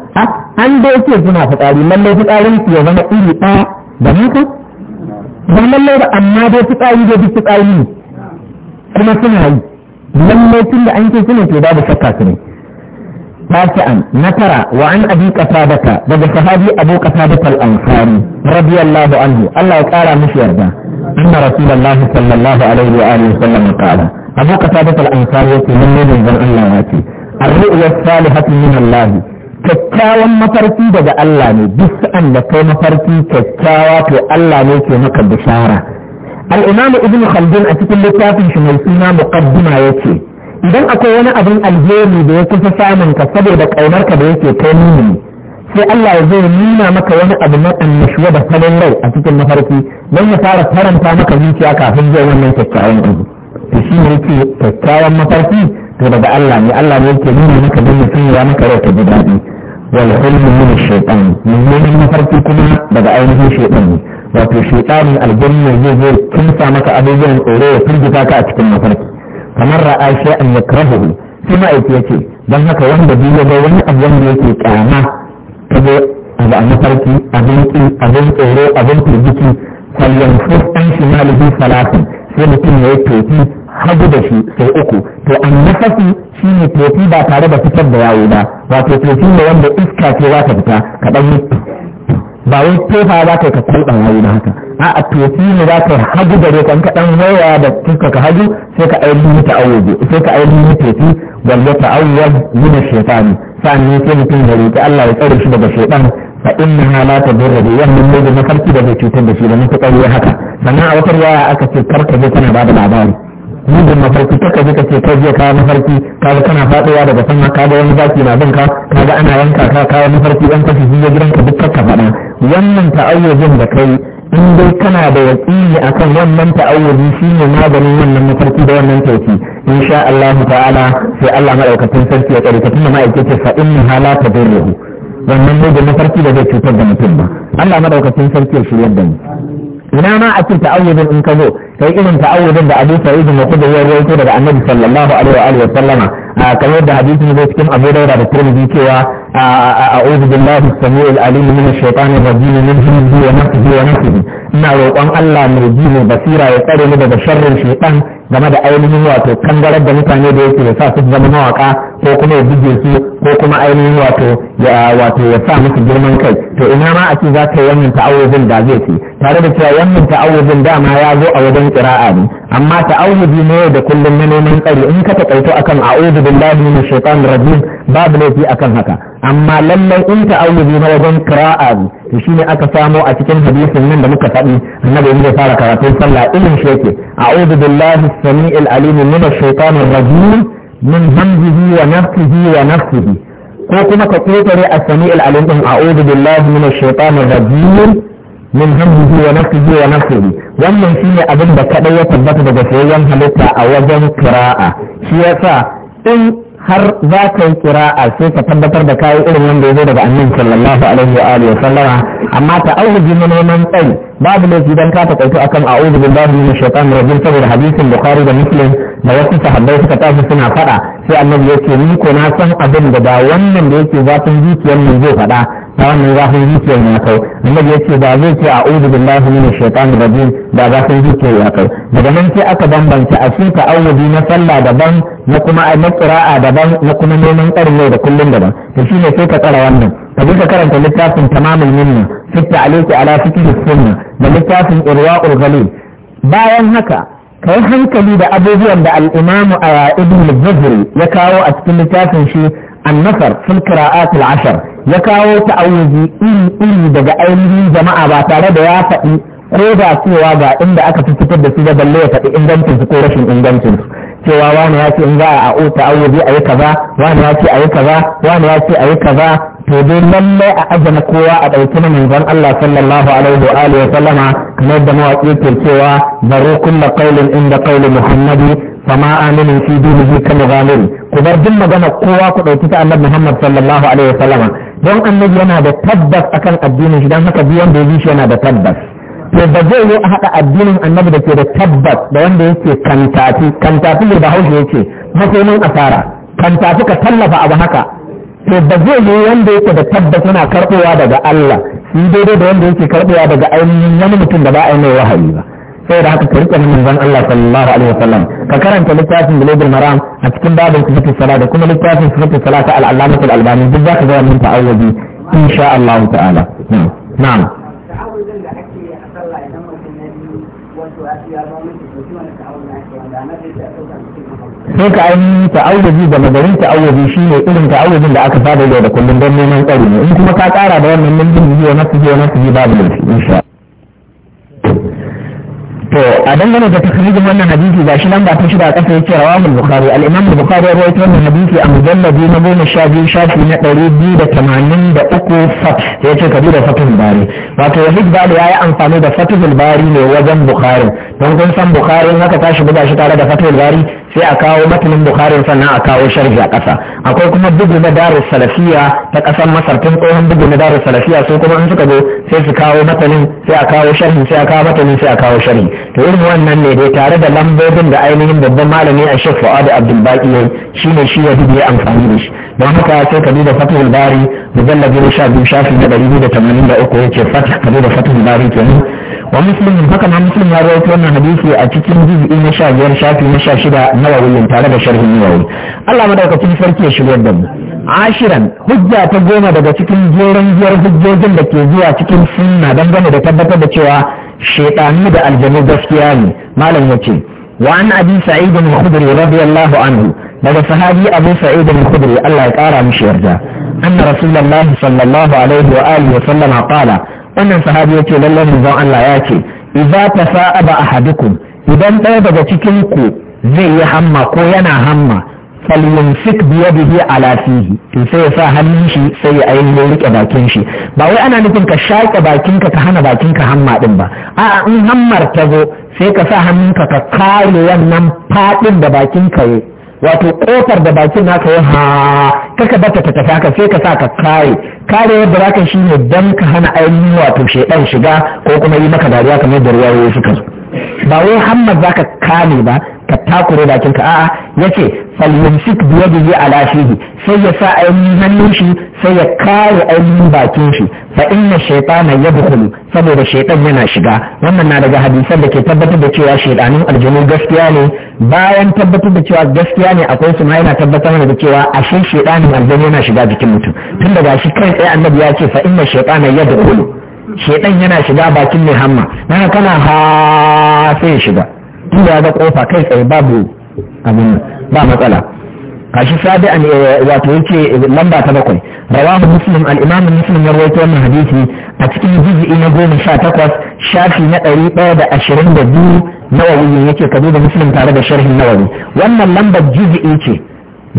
an da yake suna fitsari lallai fitsarin su ya zama iri ɗaya da naka ba lallai ba amma dai fitsari dai duk fitsari ne kuma suna yi lallai tun da an ce suna ke babu shakka su ne تاسعا نترى وعن أبي قتادة بدا صحابي أبو قتادة الأنصاري رضي الله عنه الله قال مش يرضى أن رسول الله صلى الله عليه وآله وسلم قال أبو قتادة الأنصاري من من ذن الله واتي الرؤيا الصالحة من الله kyakkyawan mafarki daga Allah ne duk sa'an da kai mafarki kyakkyawa to Allah ne ke maka bishara al-imam ibn khaldun a cikin littafin shi mai suna muqaddima yace idan akwai wani abin alheri da ya kusa samun ka saboda kaunar ka da yake kai nuni sai Allah ya zai nuna maka wani abu na annashuwa da salon rai a cikin mafarki don ya fara faranta maka zuciya kafin zai wannan kyakkyawan abu to shi ne yake kyakkyawan mafarki to daga Allah ne Allah ne yake nuna maka don ya sanya maka rai ka ji daɗi wal hulmu min shaytan mummunan mafarki kuma daga ainihin shaytan ne wato shaytanin aljanna zai zo kinsa maka abubuwan tsoro ya firgita ka a cikin mafarki kamar ra'a shay'an yakrahu sai ma'aiki ce don haka wanda biyu ya ga wani abu wanda yake kyama ta zo a mafarki abin ki abin tsoro abin firgiki falyan fusan shimalihi salatin sai mutum ya yi tofi hagu da shi sau uku to an nafasi shi ne tofi ba tare da fitar da yawo ba wato tofi ne wanda iska ce za ta fita kaɗan mutu ba wai tofa za ka yi ka kulɓan wani ba haka a tofi ne za ka yi hagu gare kan kaɗan waya da kuka ka hagu sai ka ainihin mita awobe sai ka ainihin tofi wanda ta awuwar gina shaitani sannan sai mutum ya roƙi Allah ya tsare shi daga shaitan fa inna ha la tadurru bi na mai mafarki da zai cutar da shi da mutuƙar haka sannan a wata riwaya aka ce karka je kana ba da labari mijin mafarki ta kaji ka ce kai jiya kayan mafarki ka ga kana faɗowa daga sama ka ga wani zaki na bin ka ka ga ana yanka ka kayan mafarki ɗan kashi sun gidan gidanka duk ka faɗa wannan ta'ayyajin da kai in dai kana da yaƙini akan wannan ta'awwaji shine maganin wannan mafarki da wannan tauki insha Allah ta'ala sai Allah madaukakin sarki ya tsare ka tunda ma'aikace fa inna hala tadurruhu wannan ne da mafarki da zai cutar da mutum ba Allah madaukakin sarki ya shirya da mu ina ma a ce ta'awudin in ka zo kai irin ta'awudin da Abu Sa'id da Khudri ya rawaito daga Annabi sallallahu alaihi wa alihi wa kamar da hadisin da cikin Abu Dawud da Tirmidhi cewa a'udhu billahi as-sami'il alim min ash-shaytanir rajim min hamzihi wa nafsihi wa nafsihi ina roƙon Allah mai ji basira ya tsare ni daga sharrin shaytan game da ainihin wato kangarar da mutane da yake ya sa su zama mawaka ko kuma ya buge su ko kuma ainihin wato ya wato ya sa musu girman kai to ina ma a ce za ta yi wannan ta'awuzin da zai ce tare da cewa wannan ta'awuzin dama ya zo a wajen kira'a ne amma ta'awuzi ne da kullum na neman tsari in ka taƙaito akan a'udhu billahi minash shaitanir rajim babu laifi akan haka amma lallai in ta aulubi na wajen kira'a to shine aka samo a cikin hadisin nan da muka faɗi annabi in zai fara karatun sallah irin shi yake a'udhu billahi samiil alim min ash-shaytanir rajim min hamzihi wa nafthihi wa nafsihi ko kuma ka ketare as-samiil alim din a'udhu billahi min ash-shaytanir rajim min hamzihi wa nafthihi wa nafsihi wannan shine abin da kadai ya tabbata daga sayyan halitta a wajen kira'a shi yasa in har za ka yi kira a sai ka tabbatar da kayi irin wanda ya zo daga annin sallallahu alaihi wa alihi sallama amma ta auhiji na neman tsayi babu laifi dan ka takaitu akan a'udhu billahi minash shaitanir rajim saboda hadisin bukhari da muslim da wasu sahabbai suka tafi suna fada sai annabi yake ni ko na san abin da da wannan da yake zafin zuciyar mu zai fada ta wannan zafin zuciyar ya kai annabi yace ba zai ce a'udhu billahi minash shaitani rajim da zafin zuciyar ya kai daga nan sai aka bambance a cikin ta'awudi na sallah daban na kuma na qira'a daban na kuma neman karin da kullun daban to shine sai ka tsara wannan ka bi ka karanta littafin tamamul minna fi ta'liqi ala fiqh sunna da littafin irwa'ul ghalib bayan haka ka yi hankali da abubuwan da al'imamu a ibn al ya kawo a cikin littafin shi annasar fil qira'at al ya kawo ta'awuzi iri iri daga ainihin jama'a ba tare da ya faɗi ko ba cewa ga inda aka fi fitar da su ba balle ya faɗi ingancin ko rashin ingancin cewa wani ya in za a a'u ta'awuzi ayi kaza wani ya ce ayi kaza to dai lalle a ajana kowa a ɗauki na manzon Allah sallallahu alaihi wa alihi wa sallama kamar da mawaƙi ke cewa baro kulla qaulin inda qauli muhammadi fama aminin fi dinihi ka mughamir ku bar duk magana kowa ku ɗauki ta annabi muhammad sallallahu alaihi wa sallama don annabi yana da tabbas akan addinin shi dan haka biyan da ya shi yana da tabbas to ba zai yi a haɗa addinin annabi da ke da tabbas da wanda yake kantafi kantafi ne da hausa yake makonin asara kantafi ka tallafa abu haka to ba zai yi wanda yake da tabbas yana karɓowa daga Allah shi daidai da wanda yake karɓowa daga ainihin wani mutum da ba a yi mai wahayi ba sai da haka ka rike manzon Allah sallallahu alaihi wasallam ka karanta littafin Bulugul Maram a cikin babin sifatul sala da kuma littafin sifatul sala ta al-Allamah albani duk zaka ga wannan ta'awudi insha Allah ta'ala na'am sai ka ainihin ta'awuzi da magarin ta'awuzi shi ne irin ta'awuzin da aka saba yau da kullum don neman tsari ne in kuma ka kara da wannan mintin biyu na su biyu na su biyu babu da shi insha to a dangane da tasirin wannan hadisi ga shi nan ba ta shida a ƙasa yake rawa mul bukhari al-imam mul bukhari ya rawaito wannan hadisi a mujalladi na goma sha biyu shafi na ɗari biyu da tamanin da uku fat ya ce kabi da fatihul bari wato yahid bali ya yi amfani da fatihul bari ne wajen bukhari don kun san bukhari haka tashi buga shi tare da fatihul bari sai a kawo matanin bukharin sannan a kawo sharhi a ƙasa akwai kuma bugu na darus salafiya ta ƙasar masar tun tsohon bugu na darus salafiya su kuma in suka zo sai su kawo matanin sai a kawo sharhi sai a kawo matanin sai a kawo sharhi to irin wannan ne dai tare da lambobin da ainihin babban malami a shek fu'adu abdulbaki yayi shine shi ya dubu ya amfani da shi don haka sai ka duba fatihul bari mujallar goma biyu shafi na ɗari biyu da tamanin da uku bari kenan wa muslimin haka ma muslim ya rawaito wannan hadisi a cikin juz'i na sha biyar shafi na sha shida na wawiyin tare da sharhin nawawi Allah madaukakin sarki ya shigar da mu ashiran hujja ta goma daga cikin jerin biyar hujjojin da ke zuwa cikin sunna dangane da tabbatar da cewa shaitanu da aljanu gaskiya ne malam ya ce wa an abi sa'id bin khudri radiyallahu anhu daga sahabi abu sa'id bin khudri Allah ya kara mishi yarda anna rasulullahi sallallahu alaihi wa alihi wa sallama qala wannan sahabi ya ce lallai manzon Allah ya ce idza tasa'aba ahadukum idan ɗaya daga cikin ku zai yi hamma ko yana hamma falyumsik biyadihi ala fihi to sai ya sa hannun shi sai ya ainihin rike bakin shi ba wai ana nufin ka shaƙe bakinka ka hana bakinka hamma din ba a'a in hammar ta zo sai ka sa hannunka ka kare wannan faɗin da bakinka yayi wato kofar da bakin naka ya ha kaka bata ta tafi haka sai ka sa ka kare kare yadda zaka shi ne dan ka hana ainihin wato shedan shiga ko kuma yi maka dariya kamar da ruwa suka zo ba wai hamma ka kame ba ka takure bakin ka a'a yace falyumsik bi yadihi ala fihi sai ya sa ainihin hannun shi sai ya kare ainihin bakin shi fa inna shaytana yadkhulu saboda shaytan yana shiga wannan na daga hadisan da ke tabbatar da cewa shaydanin aljanu gaskiya ne bayan tabbatar da cewa gaskiya ne akwai su ma yana tabbatar da cewa ashe shedanin aljani yana shiga jikin mutum tun daga shi kai tsaye annabi ya ce fa inna yadda yadkhulu shedan yana shiga bakin mai hamma na kana ha sai shiga tun da ya ga kofa kai tsaye babu abin ba matsala kashi sabi an eh, wato yake lamba ta bakwai rawahu muslim al-imam muslim ya rawaito wannan hadisi a cikin juz'i na goma sha takwas shafi na ɗari ɗaya da ashirin da biyu nawawi ne yake ka duba muslim tare da sharhin nawawi wannan lambar juz'i ce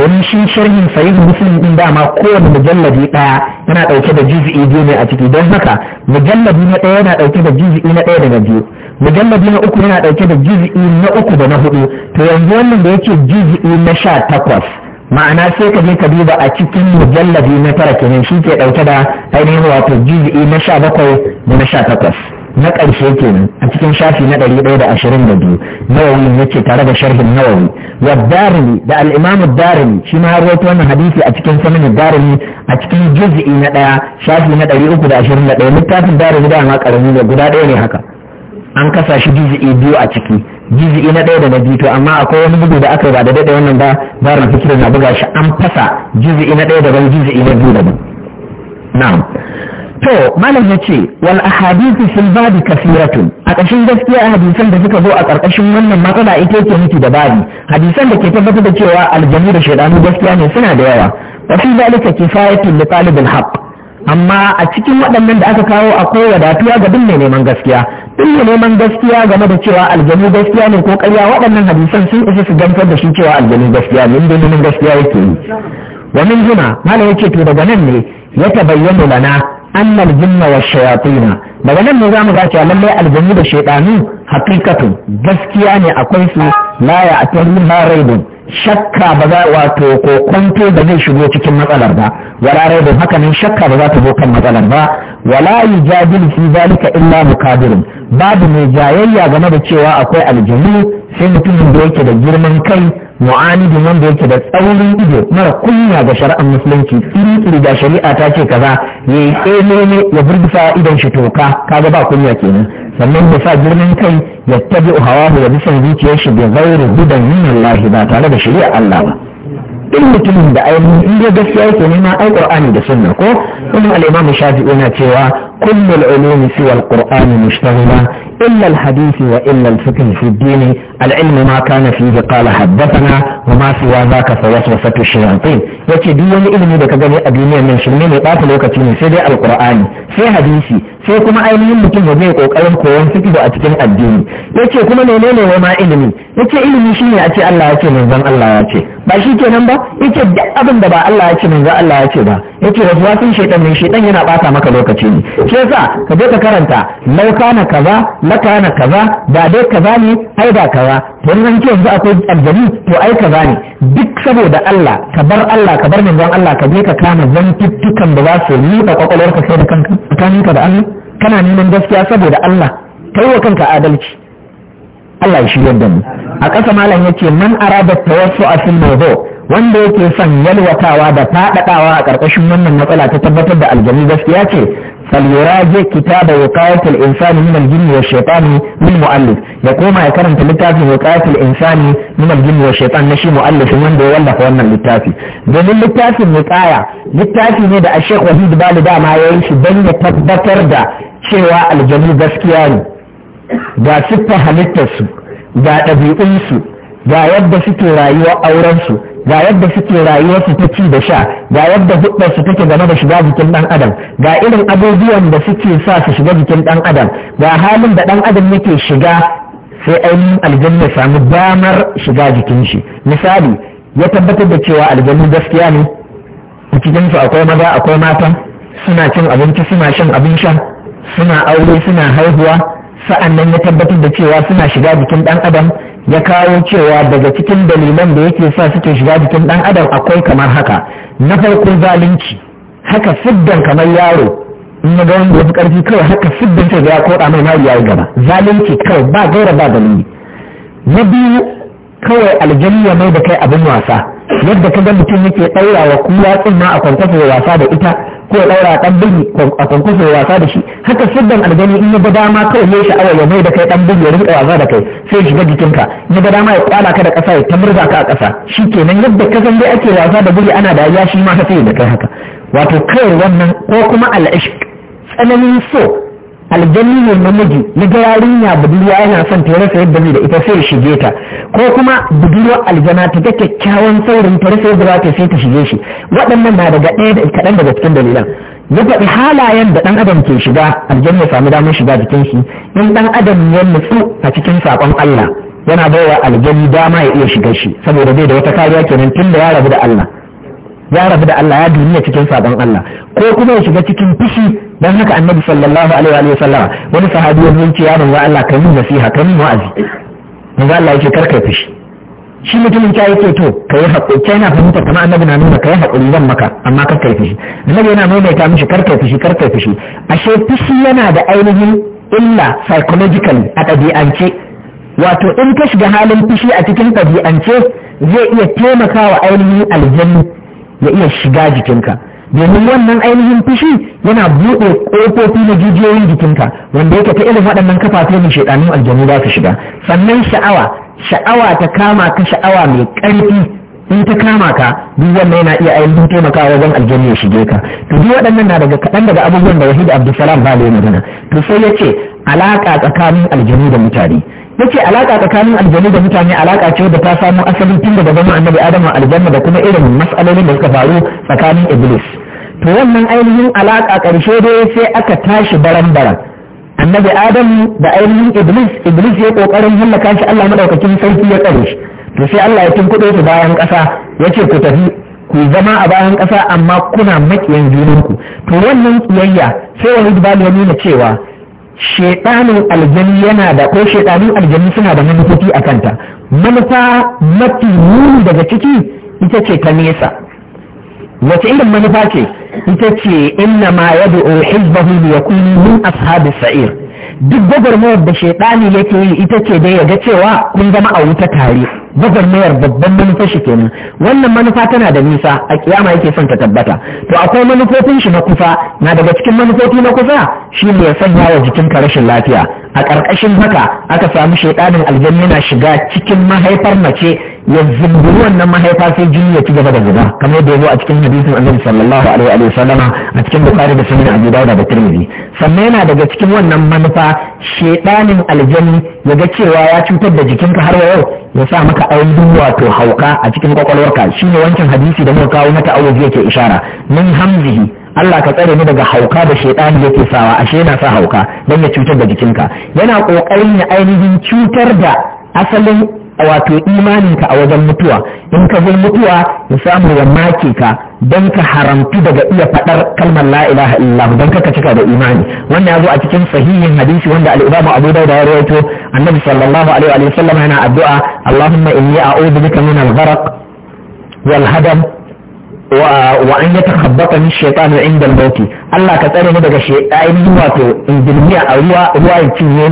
domin shi sharhin sahih muslim din dama kowane mujalladi daya yana dauke da juz'i biyu ne a ciki don haka mujalladi na daya yana dauke da juz'i na daya daga biyu mujalladi na uku yana dauke da juz'i na uku da na hudu to yanzu wannan da yake juz'i na sha takwas ma'ana sai ka je ka duba a cikin mujalladi na tara kenan shi ke dauke da ainihin wato juz'i na sha bakwai da na sha takwas na ƙarshe kenan a cikin shafi na ɗari ɗaya da ashirin da biyu nawawi ya ce tare da sharhin nawawi wa darimi da al'imamu darimi shi ma wata wannan hadisi a cikin sanin darimi a cikin juz'i na ɗaya shafi na ɗari uku da ashirin da ɗaya littafin darimi da ma ƙarami ne guda ɗaya ne haka an kasa shi juz'i biyu a ciki juz'i na ɗaya da na biyu to amma akwai wani bugu da aka yi ba da daɗe wannan ba barin fikir na buga shi an fasa juz'i na ɗaya daban juz'i na biyu daban na'am to malam ya ce wal ahadithu fil babi kasiratun a ƙashin gaskiya hadisan da suka zo a ƙarƙashin wannan matsala ita yake miki da bari hadisan da ke tabbatar da cewa aljanu da shaidanu gaskiya ne suna da yawa wa fi zalika kifayatun li talibul haqq amma a cikin waɗannan da aka kawo akwai wadatuwa ga duk neman gaskiya duk mai neman gaskiya game da cewa aljanu gaskiya ne ko ƙarya waɗannan hadisan sun isa su gantar da shi cewa aljanu gaskiya ne inda neman gaskiya yake yi wa min juma malam yake to daga nan ne ya tabayyana lana annal jinna wa shayatina daga nan ne za mu gace lallai aljannu da shaydanu Hakikatu. gaskiya ne akwai su la ya atahu ma shakka ba za wato ko kwanto zai shigo cikin matsalar ba wala ra'idun haka nan shakka ba za ta zo kan matsalar ba wala yujadilu fi zalika illa muqadirun babu mai jayayya game da cewa akwai aljannu sai mutumin da yake da girman kai mu'anidin wanda yake da tsaurin ido mara kunya ga shari'ar musulunci tsiri da shari'a ta ce kaza ya yi tsenene ya burgusa idan shi toka kaga ba kunya ke kenan sannan da sa girman kai ya tabi hawa ya bi son zuciyar shi bai zaure gudan yin Allah ba tare da shari'a Allah ba in mutumin da ainihin in gaskiya yake neman ai da sunna ko kuma al-Imam Shafi'i yana cewa كل العلوم سوى القرآن مشتغلة إلا الحديث وإلا الفقه في الدين العلم ما كان فيه قال حدثنا وما سوى ذاك فوسوسة الشياطين yace duk wani ilimi da ka gani addiniya duniyar nan shirme ne ɓata lokaci ne sai dai alkur'ani sai hadisi sai kuma ainihin mutum ya zai kokarin koyon fiqh a cikin addini yace kuma menene ne ma ilimi yace ilimi shine a ce Allah ya ce manzon Allah ya ce ba shi kenan ba yace duk abin da ba Allah ya ce manzon Allah ya ce ba yace wasu wasan shaytan ne shaytan yana ɓata maka lokaci ne ke sa ka je ka karanta lau kana kaza la kana kaza da dai kaza ne ai da kaza to in ce yanzu akwai aljani to ai kaza ne duk saboda Allah ka bar Allah ka bar manzon Allah ka je ka kama zantuttukan da za su yi ka kwakwalwarka sai da kanka tsakaninka da Allah kana neman gaskiya saboda Allah kai wa kanka adalci Allah ya shigar da mu a ƙasa malam yace man arada tawassu a fil wanda yake son yalwatawa da faɗaɗawa a ƙarƙashin wannan matsala ta tabbatar da aljanu gaskiya ce فليراجع كتاب وقاية الإنسان من الجن والشيطان من مؤلف يقوم يكرم تلتافي وقاية الإنسان من الجن والشيطان نشي مؤلف من دي ولف وانا للتافي domin littafin wukaya littafi ne da ashek wahid bali dama ya yi shi don ya tabbatar da cewa aljanu gaskiya ne ga siffar halittarsu ga ɗabi'unsu ga yadda suke rayuwar aurensu ga yadda suke rayuwar su ta ci da sha ga yadda hudar su take game da shiga jikin dan adam ga irin abubuwan da suke sa su shiga jikin dan adam ga halin da dan adam yake shiga sai ainihin aljanna samu damar shiga jikin shi misali ya tabbatar da cewa aljanna gaskiya ne a cikin su akwai maza akwai mata suna cin abinci suna shan abin sha suna aure suna haihuwa sa'an nan ya tabbatar da cewa suna shiga jikin ɗan adam ya kawo cewa daga cikin dalilan da yake sa suke shiga jikin ɗan adam akwai kamar haka na farko zalunci haka siddan kamar yaro in ya ga wani ya fi ƙarfi kawai haka siddan da ya koɗa mai mari yi gaba zalunci kawai ba gaura ba dalili na biyu kawai ya mai da kai abin wasa yadda ka ga mutum yake ɗaura wa kuma tsinna a kwantasa wasa da ita ko ya daura dan bugi a kunkuso ya wasa da shi haka siddan aljani in ya ga dama kawai ya sha'awa ya mai da kai dan bugi ya rinka wasa da kai sai shiga jikinka ya ga dama ya kwala ka da kasa ya tamurza ka a kasa kenan yadda ka san dai ake wasa da bugi ana dariya shi ma sai da kai haka wato kai wannan ko kuma al'ishq tsananin so aljanni ne namiji na ga yarinya budurwa yana son ta rasa yadda zai da ita sai shige ta ko kuma budurwa aljana ta ga kyakkyawan saurin ta rasa yadda ta sai ta shige shi waɗannan na daga ɗaya da kaɗan daga cikin dalilan ya faɗi halayen da ɗan adam ke shiga aljanna samu damar shiga jikin shi in ɗan adam ya nutsu a cikin saƙon Allah yana baiwa aljanni dama ya iya shiga shi saboda bai da wata kariya kenan tun da ya rabu da Allah ya rabu da Allah ya duniya cikin sabon Allah ko kuma ya shiga cikin fushi dan haka annabi sallallahu alaihi wa sallama wani sahabi ya zunci ya manzo Allah kai min nasiha kai min wa'azi manzo Allah yake karka fushi shi mutumin ta yake to kai hakuri kai na fahimta kamar annabi na nuna kai hakuri zan maka amma kar kai fushi annabi yana maimaita mishi kar kai fushi kar kai fushi ashe fushi yana da ainihin illa psychologically a ɗabi'ance wato in ka shiga halin fushi a cikin ɗabi'ance zai iya taimakawa ainihin aljannu ya iya shiga jikinka domin wannan ainihin fushi yana buɗe ƙofofi na jijiyoyin jikinka wanda yake ta irin waɗannan kafafen mai shaidanun aljanu za su shiga sannan sha'awa sha'awa ta kama ka sha'awa mai ƙarfi in ta kama ka duk wannan yana iya ainihin taimakawa wajen aljanu ya shige ka to duk waɗannan na daga kaɗan daga abubuwan da wahid abdulsalam ba ya magana to sai ya ce alaƙa tsakanin aljanu da mutane yace alaka tsakanin aljanu da mutane alaka ce da ta samo asalin tun daga zaman annabi adam a aljanna da kuma irin matsalolin da suka faru tsakanin iblis to wannan ainihin alaka karshe dai sai aka tashi baran baran annabi adam da ainihin iblis iblis ya kokarin hallaka shi Allah madaukakin sarki ya tsare shi to sai Allah ya tunkuɗe su bayan ƙasa yace ku tafi ku zama a bayan ƙasa amma kuna makiyan junanku to wannan tsiyayya sai wani ya nuna cewa shedanin aljani yana da ko aljani suna da manufofi a kanta manufa mafi muni daga ciki ita ce ta nesa wace irin manufa ce ita ce inna ma yad'u hizbahu li yakunu min ashabis sa'ir duk gwagwarmayar da shaidani yake yi ita ce dai ya ga cewa kun zama a wuta tare gwagwarmayar babban manufar shi kenan wannan manufa tana da nisa a kiyama yake son ta tabbata to akwai manufofin shi na kusa na daga cikin manufofi na kusa shi ne ya sanya wa jikinka rashin lafiya a ƙarƙashin haka aka samu shaiɗanin aljanna yana shiga cikin mahaifar mace ya zumburu wannan mahaifa sai jini ya ci gaba da zuba kamar da ya a cikin hadisin annabi sallallahu alaihi wa sallama a cikin bukari da sunan abu dawud da tirmidhi sannan yana daga cikin wannan manufa shaiɗanin aljanni ya ga cewa ya cutar da jikinka har yau ya sa maka ainihin wato hauka a cikin kwakwalwarka shine wancan hadisi da muka kawo mata awuzi yake ishara min hamzihi Allah ka tsare ni daga hauka da shaidani yake sawa ashe yana sa hauka don ya cutar da jikinka yana kokarin ya ainihin cutar da asalin wato imaninka a wajen mutuwa in ka zo mutuwa ya samu ya make ka don ka haramtu daga iya faɗar kalmar la ilaha illallah don ka cika da imani wannan ya zo a cikin sahihin hadisi wanda al-imam Abu Dawud ya rawaito annabi sallallahu alaihi wa sallam yana addu'a Allahumma inni a'udhu bika min al-gharq wal hadam wa an ya takhabbata min shaytan inda al Allah ka tsare ni daga shaytan wato in a ruwa ya cinye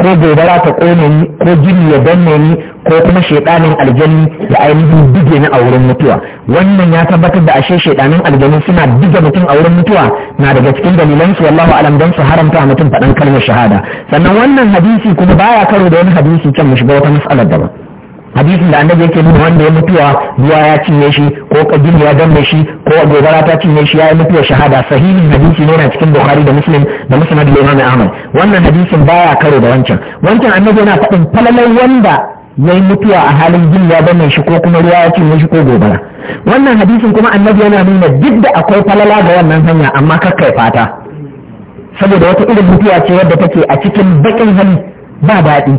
ko gobara ta kone ni ko jini ya danne ni ko kuma shaidanin aljanni da ainihin buge ni a wurin mutuwa wannan ya tabbatar da ashe shaidanin aljanni suna buge mutum a wurin mutuwa na daga cikin dalilan su wallahu alam dan su haramta mutum ɗan kalmar shahada sannan wannan hadisi kuma baya karo da wani hadisi can mu shiga wata mas'alar daban hadisin da annabi yake nuna wanda ya mutuwa ruwa ya cinye shi ko kagin ya danne shi ko gobara ta cinye shi ya yi mutuwa shahada sahihin hadisi ne na cikin bukhari da muslim da musnad imam ahmad wannan hadisin baya karo da wancan wancan annabi yana faɗin falalai wanda ya yi mutuwa a halin jin ya danne shi ko kuma ruwa ya cinye shi ko gobara wannan hadisin kuma annabi yana nuna duk da akwai falala ga wannan hanya amma kakkai fata saboda wata irin mutuwa ce wadda take a cikin bakin hali ba daɗi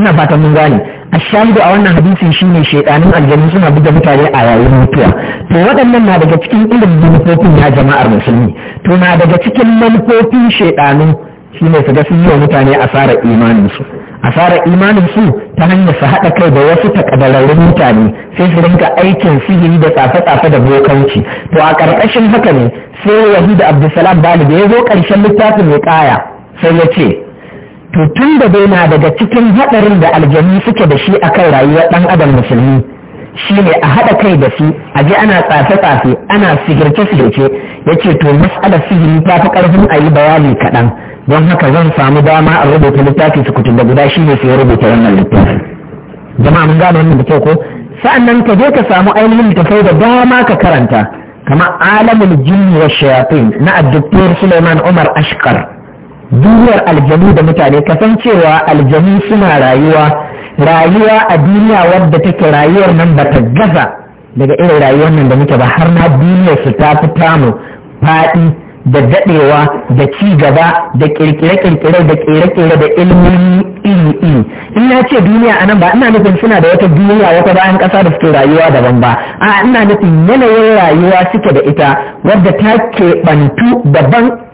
ina fatan mun gane a shahidu a wannan hadisin shine shaidanin aljanu suna buga mutane a yayin mutuwa to waɗannan na daga cikin irin manufofin ya jama'ar musulmi to na daga cikin manufofin shaidanu shine su ga sun yi wa mutane asarar imaninsu asarar imaninsu ta hanyar su haɗa kai da wasu takadararrun mutane sai su rinka aikin sihiri da tsafe-tsafe da bokanci to a ƙarƙashin haka ne sai wahi da abdulsalam balibu ya zo ƙarshen littafin ya ƙaya sai ya ce to tun da dai na daga cikin haɗarin da aljanu suke da shi a kan rayuwar ɗan adam musulmi shine a haɗa kai da su a je ana tsafe-tsafe ana sigirce-sigirce ya ce to matsalar sihiri ta fi ƙarfin a yi bayani kaɗan don haka zan samu dama a rubuta littafi su kutun da guda shi ne su rubuta wannan littafi jama'a mun gane wannan kyau ko sa'annan ka je ka samu ainihin littafai da dama ka karanta kamar alamul jinni wa shayatin na addoktor suleiman umar ashkar duniyar aljanu da mutane kasancewa aljanu suna rayuwa rayuwa a duniya wadda take rayuwar nan ba ta gaza daga irin rayuwar nan da muke ba har na duniyar su ta fi tamu faɗi da daɗewa da ci gaba da kirkire-kirkire da kere-kere da ilmomi iri-iri in na ce duniya a nan ba ina nufin suna da wata duniya wata bayan ƙasa da suke rayuwa daban ba a ina nufin yanayin rayuwa suke da ita wadda ta keɓantu daban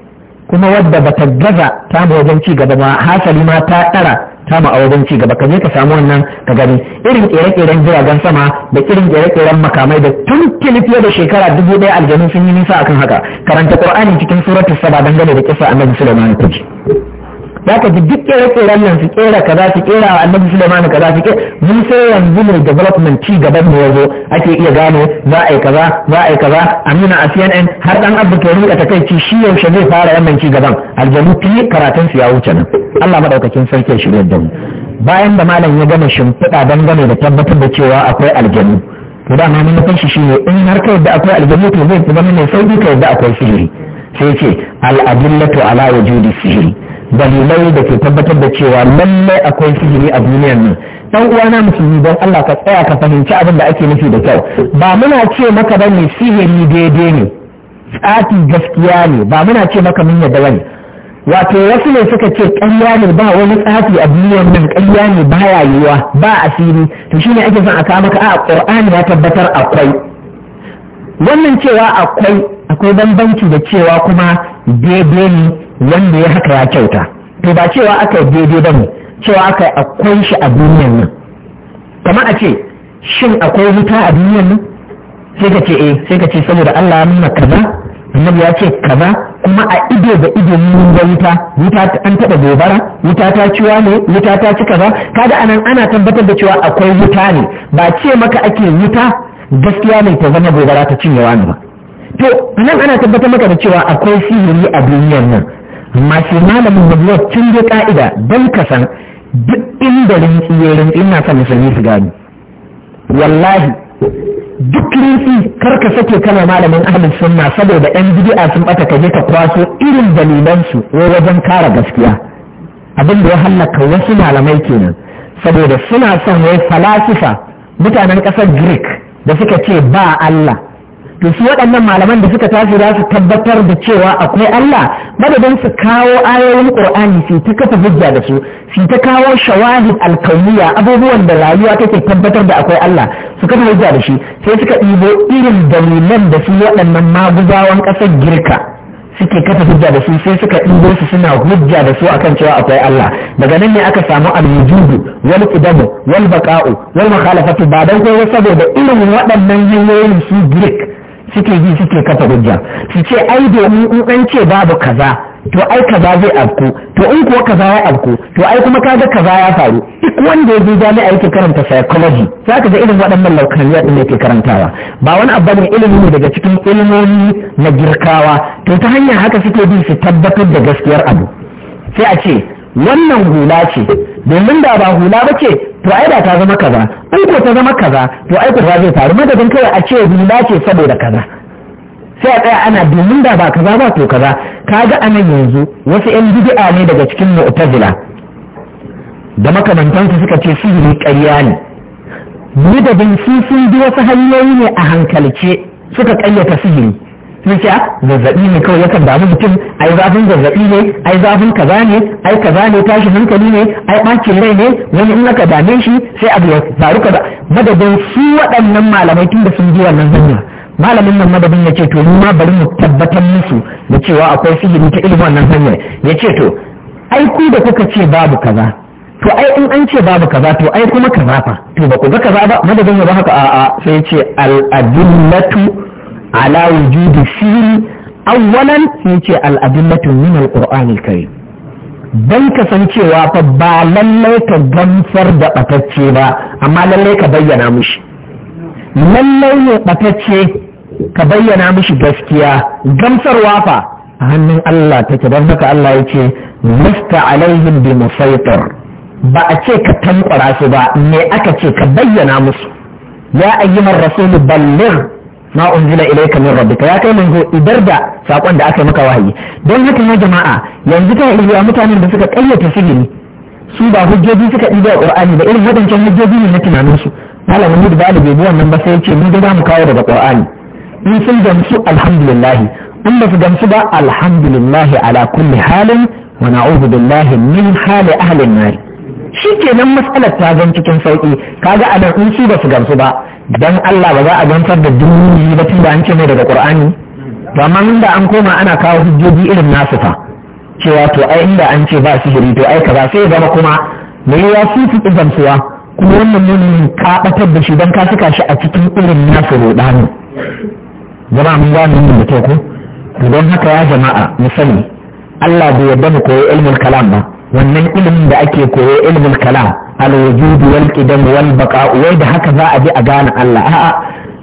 kuma wadda bata gaza ta mu wajen ci gaba ba hasali ma ta tsara ta mu a wajen ci gaba ka je ka samu wannan ka gani irin kere-keren jiragen sama da irin kere-keren makamai da tun fiye da shekara dubu ɗaya aljanu sun yi nisa akan haka karanta ƙur'ani cikin suratul saba dangane da kisa annabi sulaiman ta za ka ji duk kere tseren nan su kera kaza su kera annabi ka kaza su kera mun sai yanzu mai development ci gaban ya zo. ake iya gano za a yi kaza za a yi kaza amina a CNN har dan abu ke rinka takaici shi yaushe zai fara wannan ci gaban aljanu fi karatun su ya wuce nan Allah madaukakin sarki shirye da mu bayan da malam ya gama shimfiɗa dangane da tabbatar da cewa akwai aljanu to dama manufan shi shine in har kai da akwai aljanu to zai zama mai sauki kai da akwai sihiri sai ce al-adillatu ala wujudi sihiri dalilai da ke tabbatar da cewa lallai akwai sihiri a duniyar nan dan uwana musulmi don Allah ka tsaya ka fahimci abin da ake nufi da kyau ba muna ce maka bane sihiri daidai ne Tsafi gaskiya ne ba muna ce maka mun yadda bane wato wasu ne suka ce ƙarya ne ba wani tsafi a duniyar nan ƙarya ne ba yiwuwa ba asiri to shine ake son a kawo maka a Qur'ani ya tabbatar akwai wannan cewa akwai akwai bambanci da cewa kuma daidai ne wanda ya haka ya kyauta to ba cewa aka yi daidai ba ne cewa aka akwai shi a duniyan nan kamar a ce shin akwai wuta a duniyan nan sai ka ce eh sai ka ce saboda Allah ya nuna kaza annabi ya ce kaza kuma a ido da ido mun ga wuta wuta an taba gobara wuta ta ciwa ne wuta ta ci kaza kada anan ana tabbatar da cewa akwai wuta ne ba ce maka ake wuta gaskiya ne ta zama gobara ta cinye wani ba to nan ana tabbatar maka da cewa akwai sihiri a duniyar nan mashi malamin da tun da ka'ida don kasan duk inda rinci ya rinci ina son musulmi su gani wallahi duk rinci kar ka sake kana malamin ahalin sunna saboda yan bid'a sun bata kaje ka kwaso irin dalilansu su wajen kara gaskiya abin da ya hallaka wasu malamai kenan saboda suna son wai falasifa mutanen kasar greek da suka ce ba Allah to su waɗannan malaman da suka tashi za su tabbatar da cewa akwai Allah madadin su kawo ayoyin Qur'ani su ta kafa hujja da su su ta kawo shawahid alkauniya abubuwan da rayuwa take tabbatar da akwai Allah su kafa hujja da shi sai suka ɗibo irin dalilan da su waɗannan maguzawan ƙasar girka suke kafa hujja da su sai suka ɗibo su suna hujja da su akan cewa akwai Allah daga nan ne aka samu al-wujudu wal qidamu wal baqa'u wal mukhalafatu ba dan kowa saboda irin waɗannan hanyoyin su Greek suke yi suke kafa hujja su ce ai domin in an ce babu kaza to ai kaza zai afku to in kuwa kaza ya afku to ai kuma kaga kaza ya faru duk wanda ya je jami'a yake karanta psychology za ka ga irin waɗannan laukaniya din yake karantawa ba wani abu ne ilimi ne daga cikin ilimomi na girkawa to ta hanyar haka suke bi su tabbatar da gaskiyar abu sai a ce wannan hula ce domin da ba hula ba ce to ai da ta zama kaza in ko ta zama kaza to ai kaza zai faru madadin kai a ce hula ce saboda kaza sai a tsaya ana domin da ba kaza ba to kaza kaga a nan yanzu wasu yan bid'a ne daga cikin mu'tazila da makamantansu suka ce sihiri ƙarya ne madadin su sun bi wasu hanyoyi ne a hankalce suka ƙayyata sihiri sun ce ah, zazzabi ne kawai yakan damu mutum ai zafin zazzabi ne ai zafin kaza ne ai kaza ne tashi hankali ne ai ɓacin rai ne wani in aka dame shi sai abu ya faru kaza madadin su waɗannan malamai tun da sun ji wannan zanya malamin nan madadin ya ce to ni ma bari mu tabbatar musu da cewa akwai sihiri ta ilimin wannan hanyar ya ce to ai ku da kuka ce babu kaza to ai in an ce babu kaza to ai kuma kaza fa to ba ku ga kaza ba madadin ya ba haka a'a sai ya ce al-adillatu ala wujudi fili awwalan yace ce al'adillatu min alqur'anil karim dan kasancewa fa ba lallai ka gamsar da batacce ba amma lallai ka bayyana mishi lallai ne batacce ka bayyana mishi gaskiya gamsarwa fa a hannun Allah take don haka Allah ya ce alaihim bi musaitir ba a ce ka tankwara su ba me aka ce ka bayyana musu ya ayyuhar rasulu balligh ma unzila ilayka min rabbika ya kai manzo idar da sakon da aka maka wahayi don haka ne jama'a yanzu ta iya mutanen da suka kayyata sihiri su ba hujjoji suka ɗiba a ƙur'ani irin wadancan hujjoji ne na tunaninsu malamin mu da bai bi wannan ba sai ce mun ga mu kawo daga ƙur'ani in sun gamsu alhamdulillah in ba su gamsu ba alhamdulillah ala kulli halin wa na'udhu billahi min hali ahli an-nar shikenan matsalar ta zan cikin sauki kaga nan in su ba su gamsu ba dan Allah ba za a gamsar da dunyi ba tunda an ce mai daga Qur'ani to amma inda an koma ana kawo hujjoji irin nasu fa cewa to ai inda an ce ba sihiri to ai kaza sai zama kuma me ya su fi gamsuwa kuma wannan ne ka batar da shi dan ka saka shi a cikin irin nasu rodani jama'a mun gane mun da don haka ya jama'a mu sani Allah bai yarda mu koyi ilmin kalam ba wannan ilimin da ake koyo ilimin kalam al-wujud wal qidam wal baqa wai da haka za a je a gane Allah a'a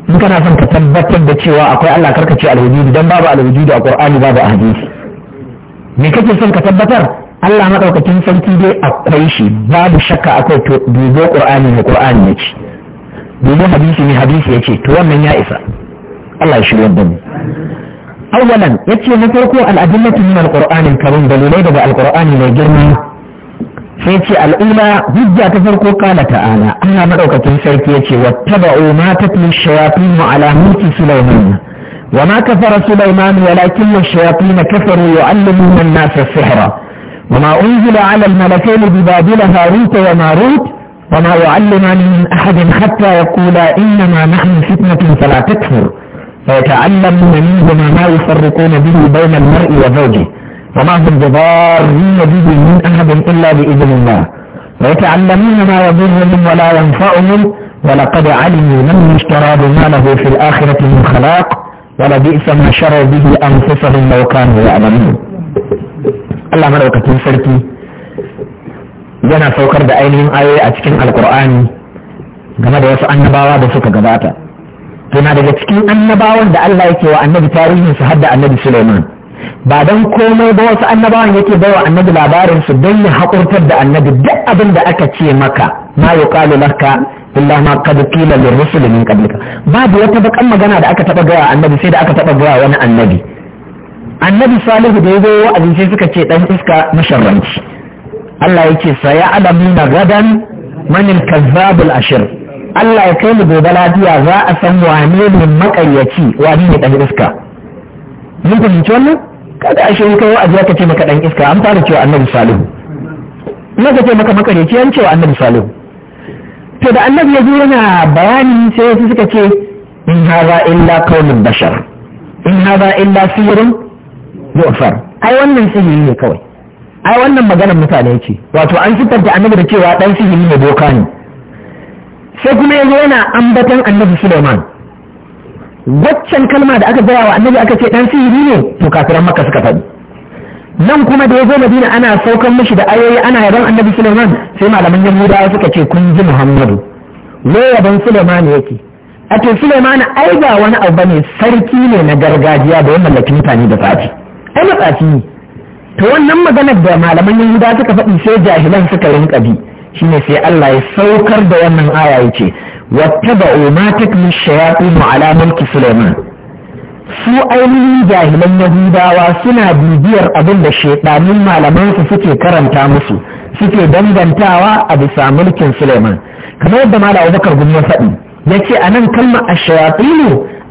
in kana son ka tabbatar da cewa akwai Allah karka ce al dan babu al a Qur'ani babu a hadisi me kake son ka tabbatar Allah madaukakin sarki dai akwai shi babu shakka akwai to dubo Qur'ani ne Qur'ani ne ce dubo hadisi ne hadisi ya ce to wannan ya isa Allah ya shirya da mu أولا يتشي نفرق الأدلة من القرآن الكريم دليلي دقاء القرآن لجرمي سيتشي الأولى هجة تفرق قال تعالى أنا مدوكة سيكي يتشي واتبعوا ما تتلي الشياطين على موت سليمان وما كفر سليمان ولكن الشياطين كفروا يعلمون الناس السحر وما أنزل على الملكين ببابل هاروت وماروت وما يعلمان من أحد حتى يقولا إنما نحن فتنة فلا تكفر فيتعلمون منهما ما يفرقون به بين المرء وزوجه وما هم بضارين به من أحد إلا بإذن الله ويتعلمون ما يضرهم ولا ينفعهم ولقد علموا من اشترى بما له في الآخرة من خلاق ولبئس ما شروا به أنفسهم لو كانوا يعلمون الله ملوكة سركي yana saukar da ainihin ayoyi a cikin alkur'ani game da wasu annabawa da suka gabata to na daga cikin annabawan da Allah yake wa annabi tarihin su hadda annabi Sulaiman ba dan komai ba wasu annabawan yake bai wa annabi labarin su don ya hakurtar da annabi duk abin da aka ce maka ma yuqalu laka illa ma qad qila lir rusul min qablika babu wata bakan magana da aka taba gaya annabi sai da aka taba gaya wani annabi annabi salihu da ya zo wa'azi sai suka ce dan iska masharranci Allah yake sa ya na gadan manil kazzabul ashir Allah ya kai mu gobe lafiya za a san wane ne makaryaci wani ne dan iska mun fahimci wannan kada a shirin kai wa'azi ka ce maka dan iska an fara cewa annabi salihu Ina ka ce maka makaryaci an cewa annabi salihu to da annabi ya zo yana bayani sai wasu suka ce in haza illa kaunin bashar in haza illa sirrin yu'far ai wannan sihiri ne kawai ai wannan maganar mutane ce wato an siffanta annabi da cewa dan sihiri ne boka ne sai kuma yanzu yana ambatan annabi Suleiman waccan kalma da aka gaya wa annabi aka ce dan sihiri ne to kafiran makka suka faɗi nan kuma da ya zo madina ana saukan mishi da ayoyi ana yaban annabi Suleiman sai malaman yahudawa suka ce kun ji Muhammadu me yaban Suleiman yake a to Suleiman ai ba wani abu bane sarki ne na gargajiya da ya mallaki mutane da tsafi ai matsafi ne to wannan maganar da malaman yahudawa suka faɗi sai jahilan suka rinka bi shine sai Allah ya saukar da wannan aya yace wattaba'u ma takmi shayatin ala mulki Sulaiman su ainihin jahilan Yahudawa suna bibiyar abin da shedanin malamansu suke karanta musu suke dangantawa a bisa mulkin Sulaiman kamar yadda Malam Abubakar Gumma faɗi yace anan kalma a shayatinu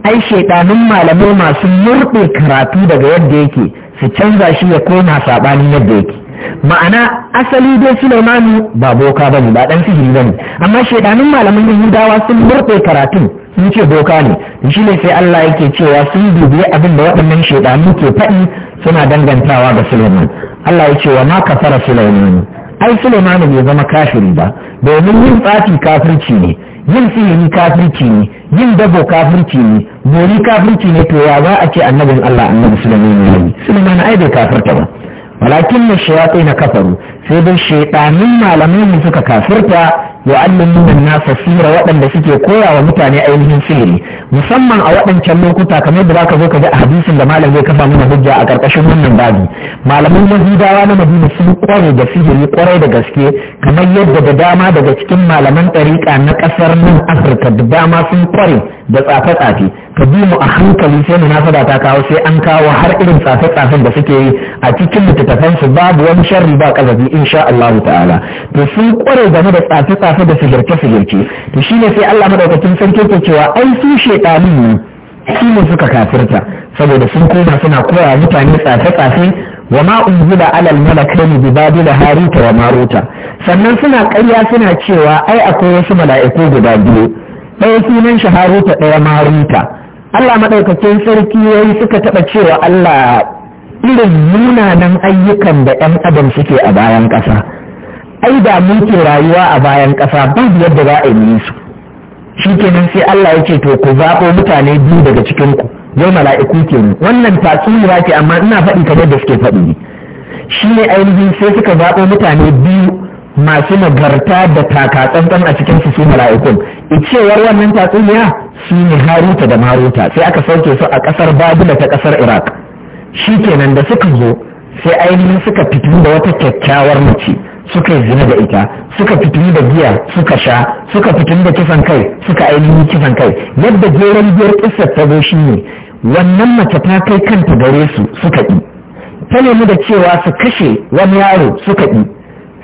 ai shedanin malamai masu murɗe karatu daga yadda yake su canza shi ya koma sabanin yadda yake ma'ana asali dai sulaimanu ba boka ba ne ba dan sihiri ba ne amma shaidanun malaman yahudawa sun murɓe karatun sun ce boka ne shi ne sai allah yake cewa sun dubi abin da waɗannan shaidanu ke faɗi suna dangantawa ga sulaiman allah ya ce wa ma ka fara sulaimanu ai sulaimanu bai zama kafiri ba domin yin tsafi kafirci ne yin sihiri kafirci ne yin dabo kafirci ne bori kafirci ne to ya za a ce annabin allah annabi sulaimanu ne sulaimanu ai bai kafirta ba walakin na shayatai na kasaru sai dai shaidanin malamai ne suka kafirta yu'allimuna an na fasira waɗanda suke koya wa mutane ainihin sihiri musamman a waɗancan lokuta kamar da zaka zo ka ji a hadisin da malam zai kafa mana hujja a ƙarƙashin wannan babi malaman yahudawa na madina sun kware da sihiri kwarai da gaske kamar yadda da dama daga cikin malaman ɗariƙa na ƙasar nan afirka da dama sun kware da tsafe-tsafe ka bi mu a hankali sai mu munafada ta kawo sai an kawo har irin tsafe-tsafen da suke yi a cikin littattafansu babu wani sharri ba ƙazafi insha Allah ta'ala to sun kware game da tsafe-tsafe tafi da sigirce-sigirce to shi ne sai Allah madaukakin sarki ke cewa ai su shaidanin ne su ne suka kafirta saboda sun koma suna koya mutane tsafe-tsafe wa ma unzila alal malakaini bi babila haruta wa maruta sannan suna karya suna cewa ai akwai wasu mala'iku guda biyu ɗaya sunan shi haruta ɗaya maruta Allah madaukakin sarki yayi suka taɓa cewa Allah irin munanan ayyukan da 'yan adam suke a bayan ƙasa ai da muke rayuwa a bayan ƙasa babu yadda za a yi su shi kenan sai Allah ya ce to ku zaɓo mutane biyu daga cikin ku yau mala'iku kenan wannan tatsuniya ce amma ina faɗi ka da suke faɗi ne shi ne ainihin sai suka zaɓo mutane biyu masu nagarta da taka tsantsan a cikin su su mala'ikun icewar wannan tatsuniya su ne haruta da maruta sai aka sauke su a ƙasar babila ta ƙasar iraq shi kenan da suka zo sai ainihin suka fitu da wata kyakkyawar mace suka yi zina da ita suka fitini da giya suka sha suka fitini da kisan kai suka ainihin kisan kai yadda geron biyar kisar ta zo shi ne wannan mace ta kai kanta gare su suka ɗi. ta nemi da cewa su kashe wani yaro suka ɗi.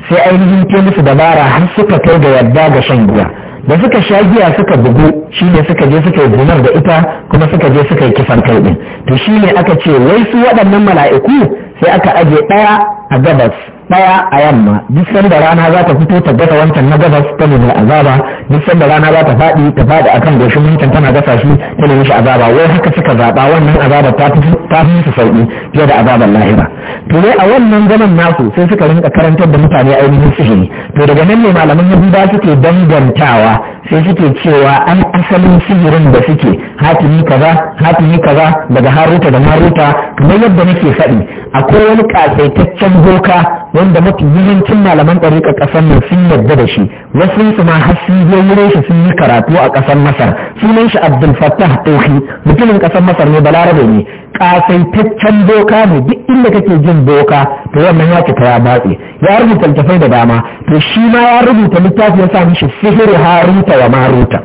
sai ainihin ke musu dabara har suka kai da yadda ga shan giya da suka sha giya suka bugu shi ne suka je suka yi zinar da ita kuma suka je suka yi kisan kai ɗin to shi ne aka ce wai su waɗannan mala'iku sai aka ajiye ɗaya a gabas ɗaya a yamma duk sanda rana za ta fito ta gasa wancan na gabas ta nemi azaba duk sanda rana za ta faɗi ta faɗi akan goshin wancan tana gasa shi ta nemi shi azaba wai haka suka zaɓa wannan azaba ta fi su sauƙi fiye da azabar lahira to dai a wannan zaman nasu sai suka rinka karantar da mutane ainihin sihiri to daga nan ne malaman yahuda suke dangantawa sai suke cewa an asalin sihirin da suke hatimi kaza hatimi kaza daga haruta da maruta kamar yadda nake faɗi akwai wani kasaitaccen boka wanda mafi yawancin malaman ɗariƙa ƙasar nan sun yarda da shi wasu su ma har sun je wurin shi sun yi karatu a ƙasar masar sunan shi abdul fattah tohi mutumin ƙasar masar ne balarabe ne kasaitaccen doka ne duk inda kake jin doka, to wannan ya cika ya batse ya rubuta littafai da dama to shi ma ya rubuta littafi ya sa mishi sihiri haruta wa maruta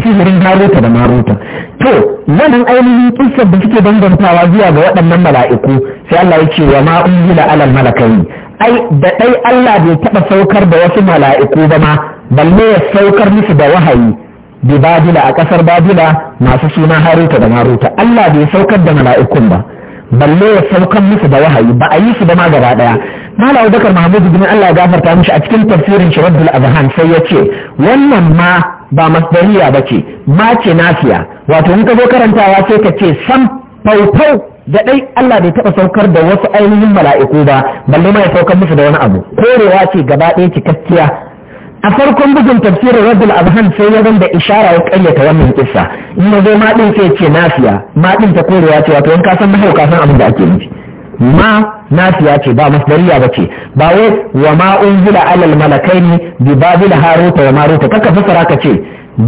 sihirin haruta da maruta to wannan ainihin kissar da suke dangantawa zuwa ga waɗannan mala'iku sai Allah ya ce wa ma unzila alal malakai ai da dai Allah bai taɓa saukar da wasu mala'iku ba ma balle ya saukar musu da wahayi Da babila a kasar babila masu suna haruta da maruta Allah bai saukar da mala'ikun ba balle ya saukar musu da wahayi ba a yi su ba ma gaba daya malam abubakar mahmud bin Allah ya gafarta mishi a cikin tafsirin shiraddul azhan sai ya ce wannan ma ba masdariya ba ce ma ce nafiya wato in ka zo karantawa sai ka ce san faufau da dai Allah bai taɓa saukar da wasu ainihin mala'iku ba balle ma ya saukar musu da wani abu korewa ce gaba ɗaya cikakkiya a farkon bugun tafsirin rabul abhan sai ya zanda ishara ya kayyata wannan kissa in ya zo maɗin sai ce nafiya maɗin ta korewa ce wato in ka san mahau ka san abin da ake nufi ma nafiya ce ba masdariya ba ce ba wai wa ma unzila alal malakaini bi babila haruta wa maruta kaka fasara ka ce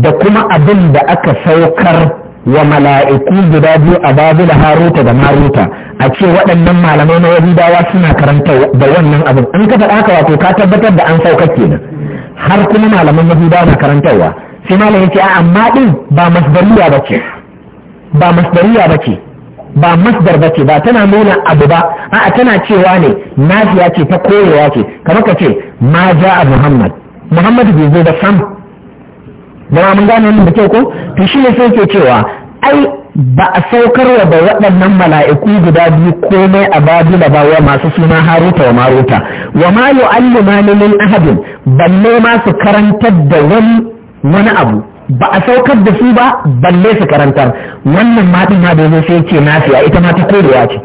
da kuma abin da aka saukar wa mala'iku guda biyu a babila haruta da maruta a ce waɗannan malamai na yahudawa suna karanta da wannan abin in ka faɗa haka wato ka tabbatar da an saukar kenan har kuma malaman yahuda na karantarwa sai malam yace a amma ɗin ba masdariya ce ba masdariya bace ba masdar ba ce ba tana nuna abu ba a'a tana cewa ne nafiya ce ta koyewa ce kamar ka ce ma a muhammad muhammad bai zo da sam da mun gane wannan da kyau ko to shi ne sai ke cewa ai ba a saukarwa da waɗannan mala'iku guda biyu komai a babila ba wa masu suna haruta wa maruta wa ma yu'allimani min ahadin balle ma su karantar da wani wani abu ba a saukar da su ba balle su karantar wannan ma ma da sai ce a ita ma ta ce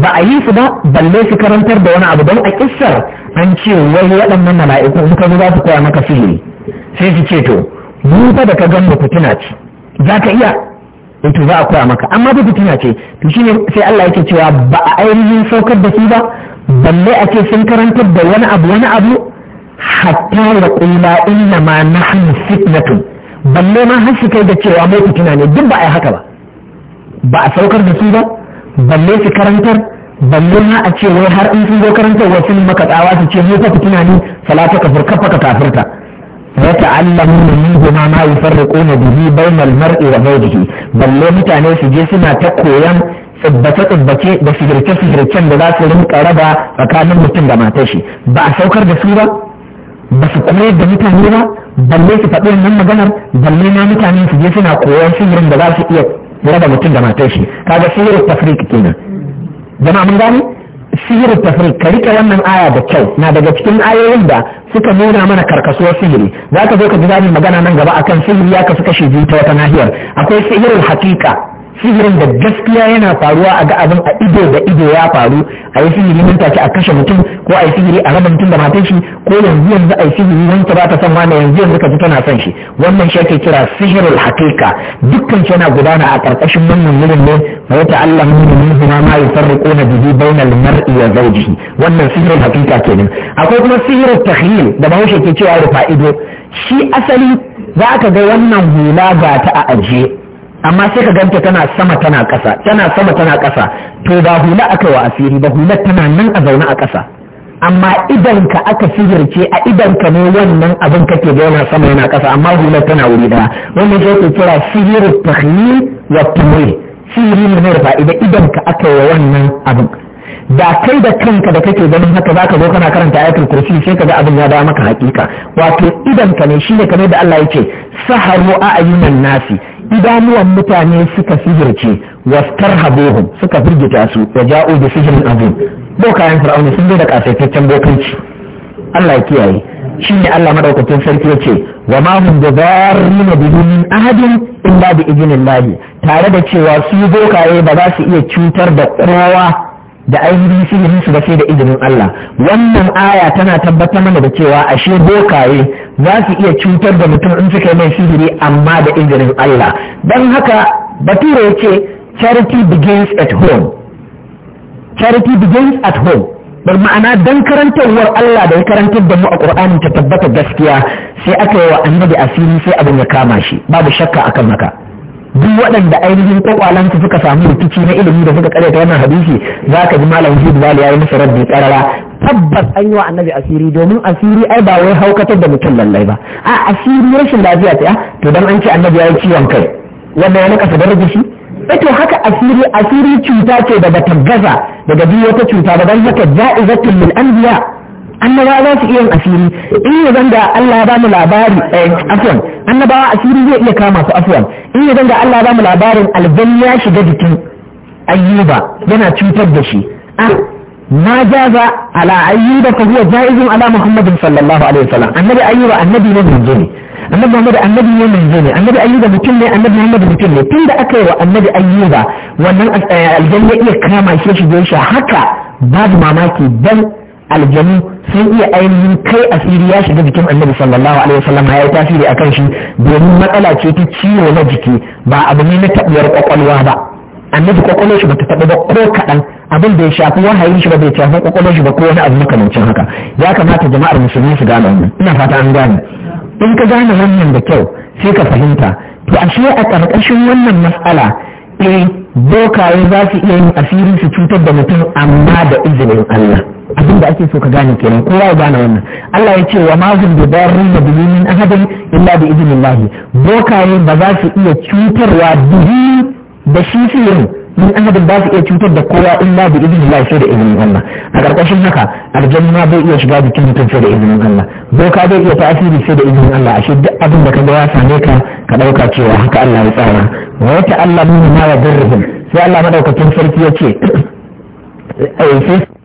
ba a yi su ba balle su karantar da wani abu don a kissar an ce wai waɗannan mala'iku suka zo za su koya maka sihiri sai su ce to mu fa da ka gan mu tuna ce za ka iya Eh, to za a koya maka amma duk fitina ce to shine sai Allah yake cewa ba a ainihin saukar da shi ba balle a ce sun karantar da wani abu wani abu hatta ya kula inna ma nahnu fitnatun balle ma har su kai da cewa mai fitina ne duk ba a yi haka ba ba a saukar da su ba balle su karantar balle ma a ce wai har in sun zo karantar wasu maka tsawa su ce mu fa fitina ne salata kafir kafa ka kafirta يتعلمون منهما ما يفرقون به بين المرء وزوجه ba لو mutane su je suna ta koyan tsibbace-tsibbace da sigirce-sigircen da za su rinka raba tsakanin mutum da matar shi ba a saukar da su ba ba su kure da mutane ba balle su faɗi wannan maganar balle na mutane su je suna koyan sihirin da za su iya raba mutum da matar shi kaga sihirin tafrik kenan jama'a mun gane sihir tafrik ka rike wannan aya da kyau na daga cikin ayoyin da suka nuna mana karkasuwar sihiri za ka zo ka ji zamu magana nan gaba akan sihiri ya kasu kashe biyu ta wata nahiyar akwai sihirin hakika sihirin da gaskiya yana faruwa a ga abin a ido da ido ya faru a yi sihiri nan take a kashe mutum ko a yi sihiri a raba mutum da matan shi ko yanzu yanzu a yi sihiri wanda ba ta son wani yanzu yanzu ka ji tana son shi wannan shi ake kira sihirul hakika dukkan shi yana gudana a karkashin wannan wurin ne fa ya ta'allam min bibi ma yufarriquna bihi bainal mar'i wa zawjihi wannan sihirul hakika ke nan. akwai kuma sihirul takhyil da bahaushe ke cewa rufa ido shi asali za ka ga wannan hula ga ta a ajiye amma sai ka ganta tana sama tana ƙasa tana sama tana ƙasa to ba hula aka wa asiri ba hula tana nan a zaune a ƙasa amma idan ka aka sihirce a idan ka ne wannan abin kake ga yana sama yana ƙasa amma hula tana wuri daya wannan shi ke kira sihir wa tamwil sihiri ne mai fa'ida idan ka aka wa wannan abin da kai da kanka da kake ganin haka za ka zo kana karanta ayatul kursi sai ka ga abin ya da maka hakika wato idan ka ne shine kamar da Allah ya ce saharu a ayyunan nasi idanuwan mutane suka sihirce waskar habohun suka firgita su da ja'o da sihirin azim bokayen fir'auna sun zo da kasaitaccen bokanci Allah ya kiyaye shi ne Allah madaukakin sarki ya ce wa ma hum bi dharrin na bihunin ahadin illa bi lahi tare da cewa su bokaye ba za su iya cutar da kowa da ainihin sihirin su ba sai da izinin Allah wannan aya tana tabbatar mana da cewa ashe bokaye za su iya cutar da mutum in suka yi mai sihiri amma da injinin Allah don haka Batura ya ce charity begins at home charity begins at home bar ma'ana don karantarwar Allah da ya karantar da mu a ƙur'ani ta tabbata gaskiya sai aka yi wa annabi asiri sai abin ya kama shi babu shakka akan haka duk waɗanda ainihin kwakwalansu suka samu rikici na ilimi da suka karyata wannan hadisi za ka ji malam Jibril ya yi musu rabbi tsarara tabbas an yi wa annabi asiri domin asiri ai ba wai haukatar da mutum lallai ba a asiri rashin lafiya ta ah, to dan an ce annabi ya yi ciwon kai wanda ya naka sadar shi ito eh, haka asiri asiri cuta ce da bata gaza daga biyu wata cuta ba dan haka ja'izatul lil anbiya annabawa za su iya yin asiri in ya zanga Allah ya bamu labari eh, afwan annabawa asiri zai iya kama su afwan in ya zanga Allah ya bamu labarin aljan ya shiga jikin ayyuba yana cutar da shi ah, ما جاز على أيوب فهو جائز على محمد صلى الله عليه وسلم النبي أيوب النبي ne manzo annabi Muhammad annabi ne manzo ne annabi Ayyuba mutum ne annabi Muhammad mutum ne tun da aka yi wa annabi Ayyuba wannan aljanna iya kama shi shi shi haka babu mamaki dan aljanu sun iya ainihin kai asiri ya shiga jikin annabi sallallahu alaihi wasallam ya yi tasiri akan shi domin matsala ce ta ciwo na jiki ba abu ne na tabuwar kwakwalwa ba annabi kwakwalwar shi bata taɓa ba ko kaɗan abin da ya shafi wahayin shi ba bai shafi kwakwalwar shi ba ko wani abu makamancin haka ya kamata jama'ar musulmi su gane wannan ina fata an gane in ka gane wannan da kyau sai ka fahimta to ashe a ƙarƙashin wannan matsala eh bokaye za su iya yin asiri su cutar da mutum amma da izinin Allah abin da ake so ka gane kenan kowa ya gane wannan Allah ya ce wa ma zun da darrin da bihi min ahadin illa bi idnillah bokaye ba za su iya cutarwa bihi da shi fiyin min ahadin ba su iya cutar da kowa in ba bi izinin Allah sai da izinin Allah a karkashin haka aljanna bai iya shiga jikin mutum sai da izinin Allah boka bai iya tasiri sai da izinin Allah ashe duk abin da kaga ya same ka ka dauka cewa haka Allah ya tsara wa ya ta'allamu ma yadurruhum sai Allah madaukakin sarki ya ce eh,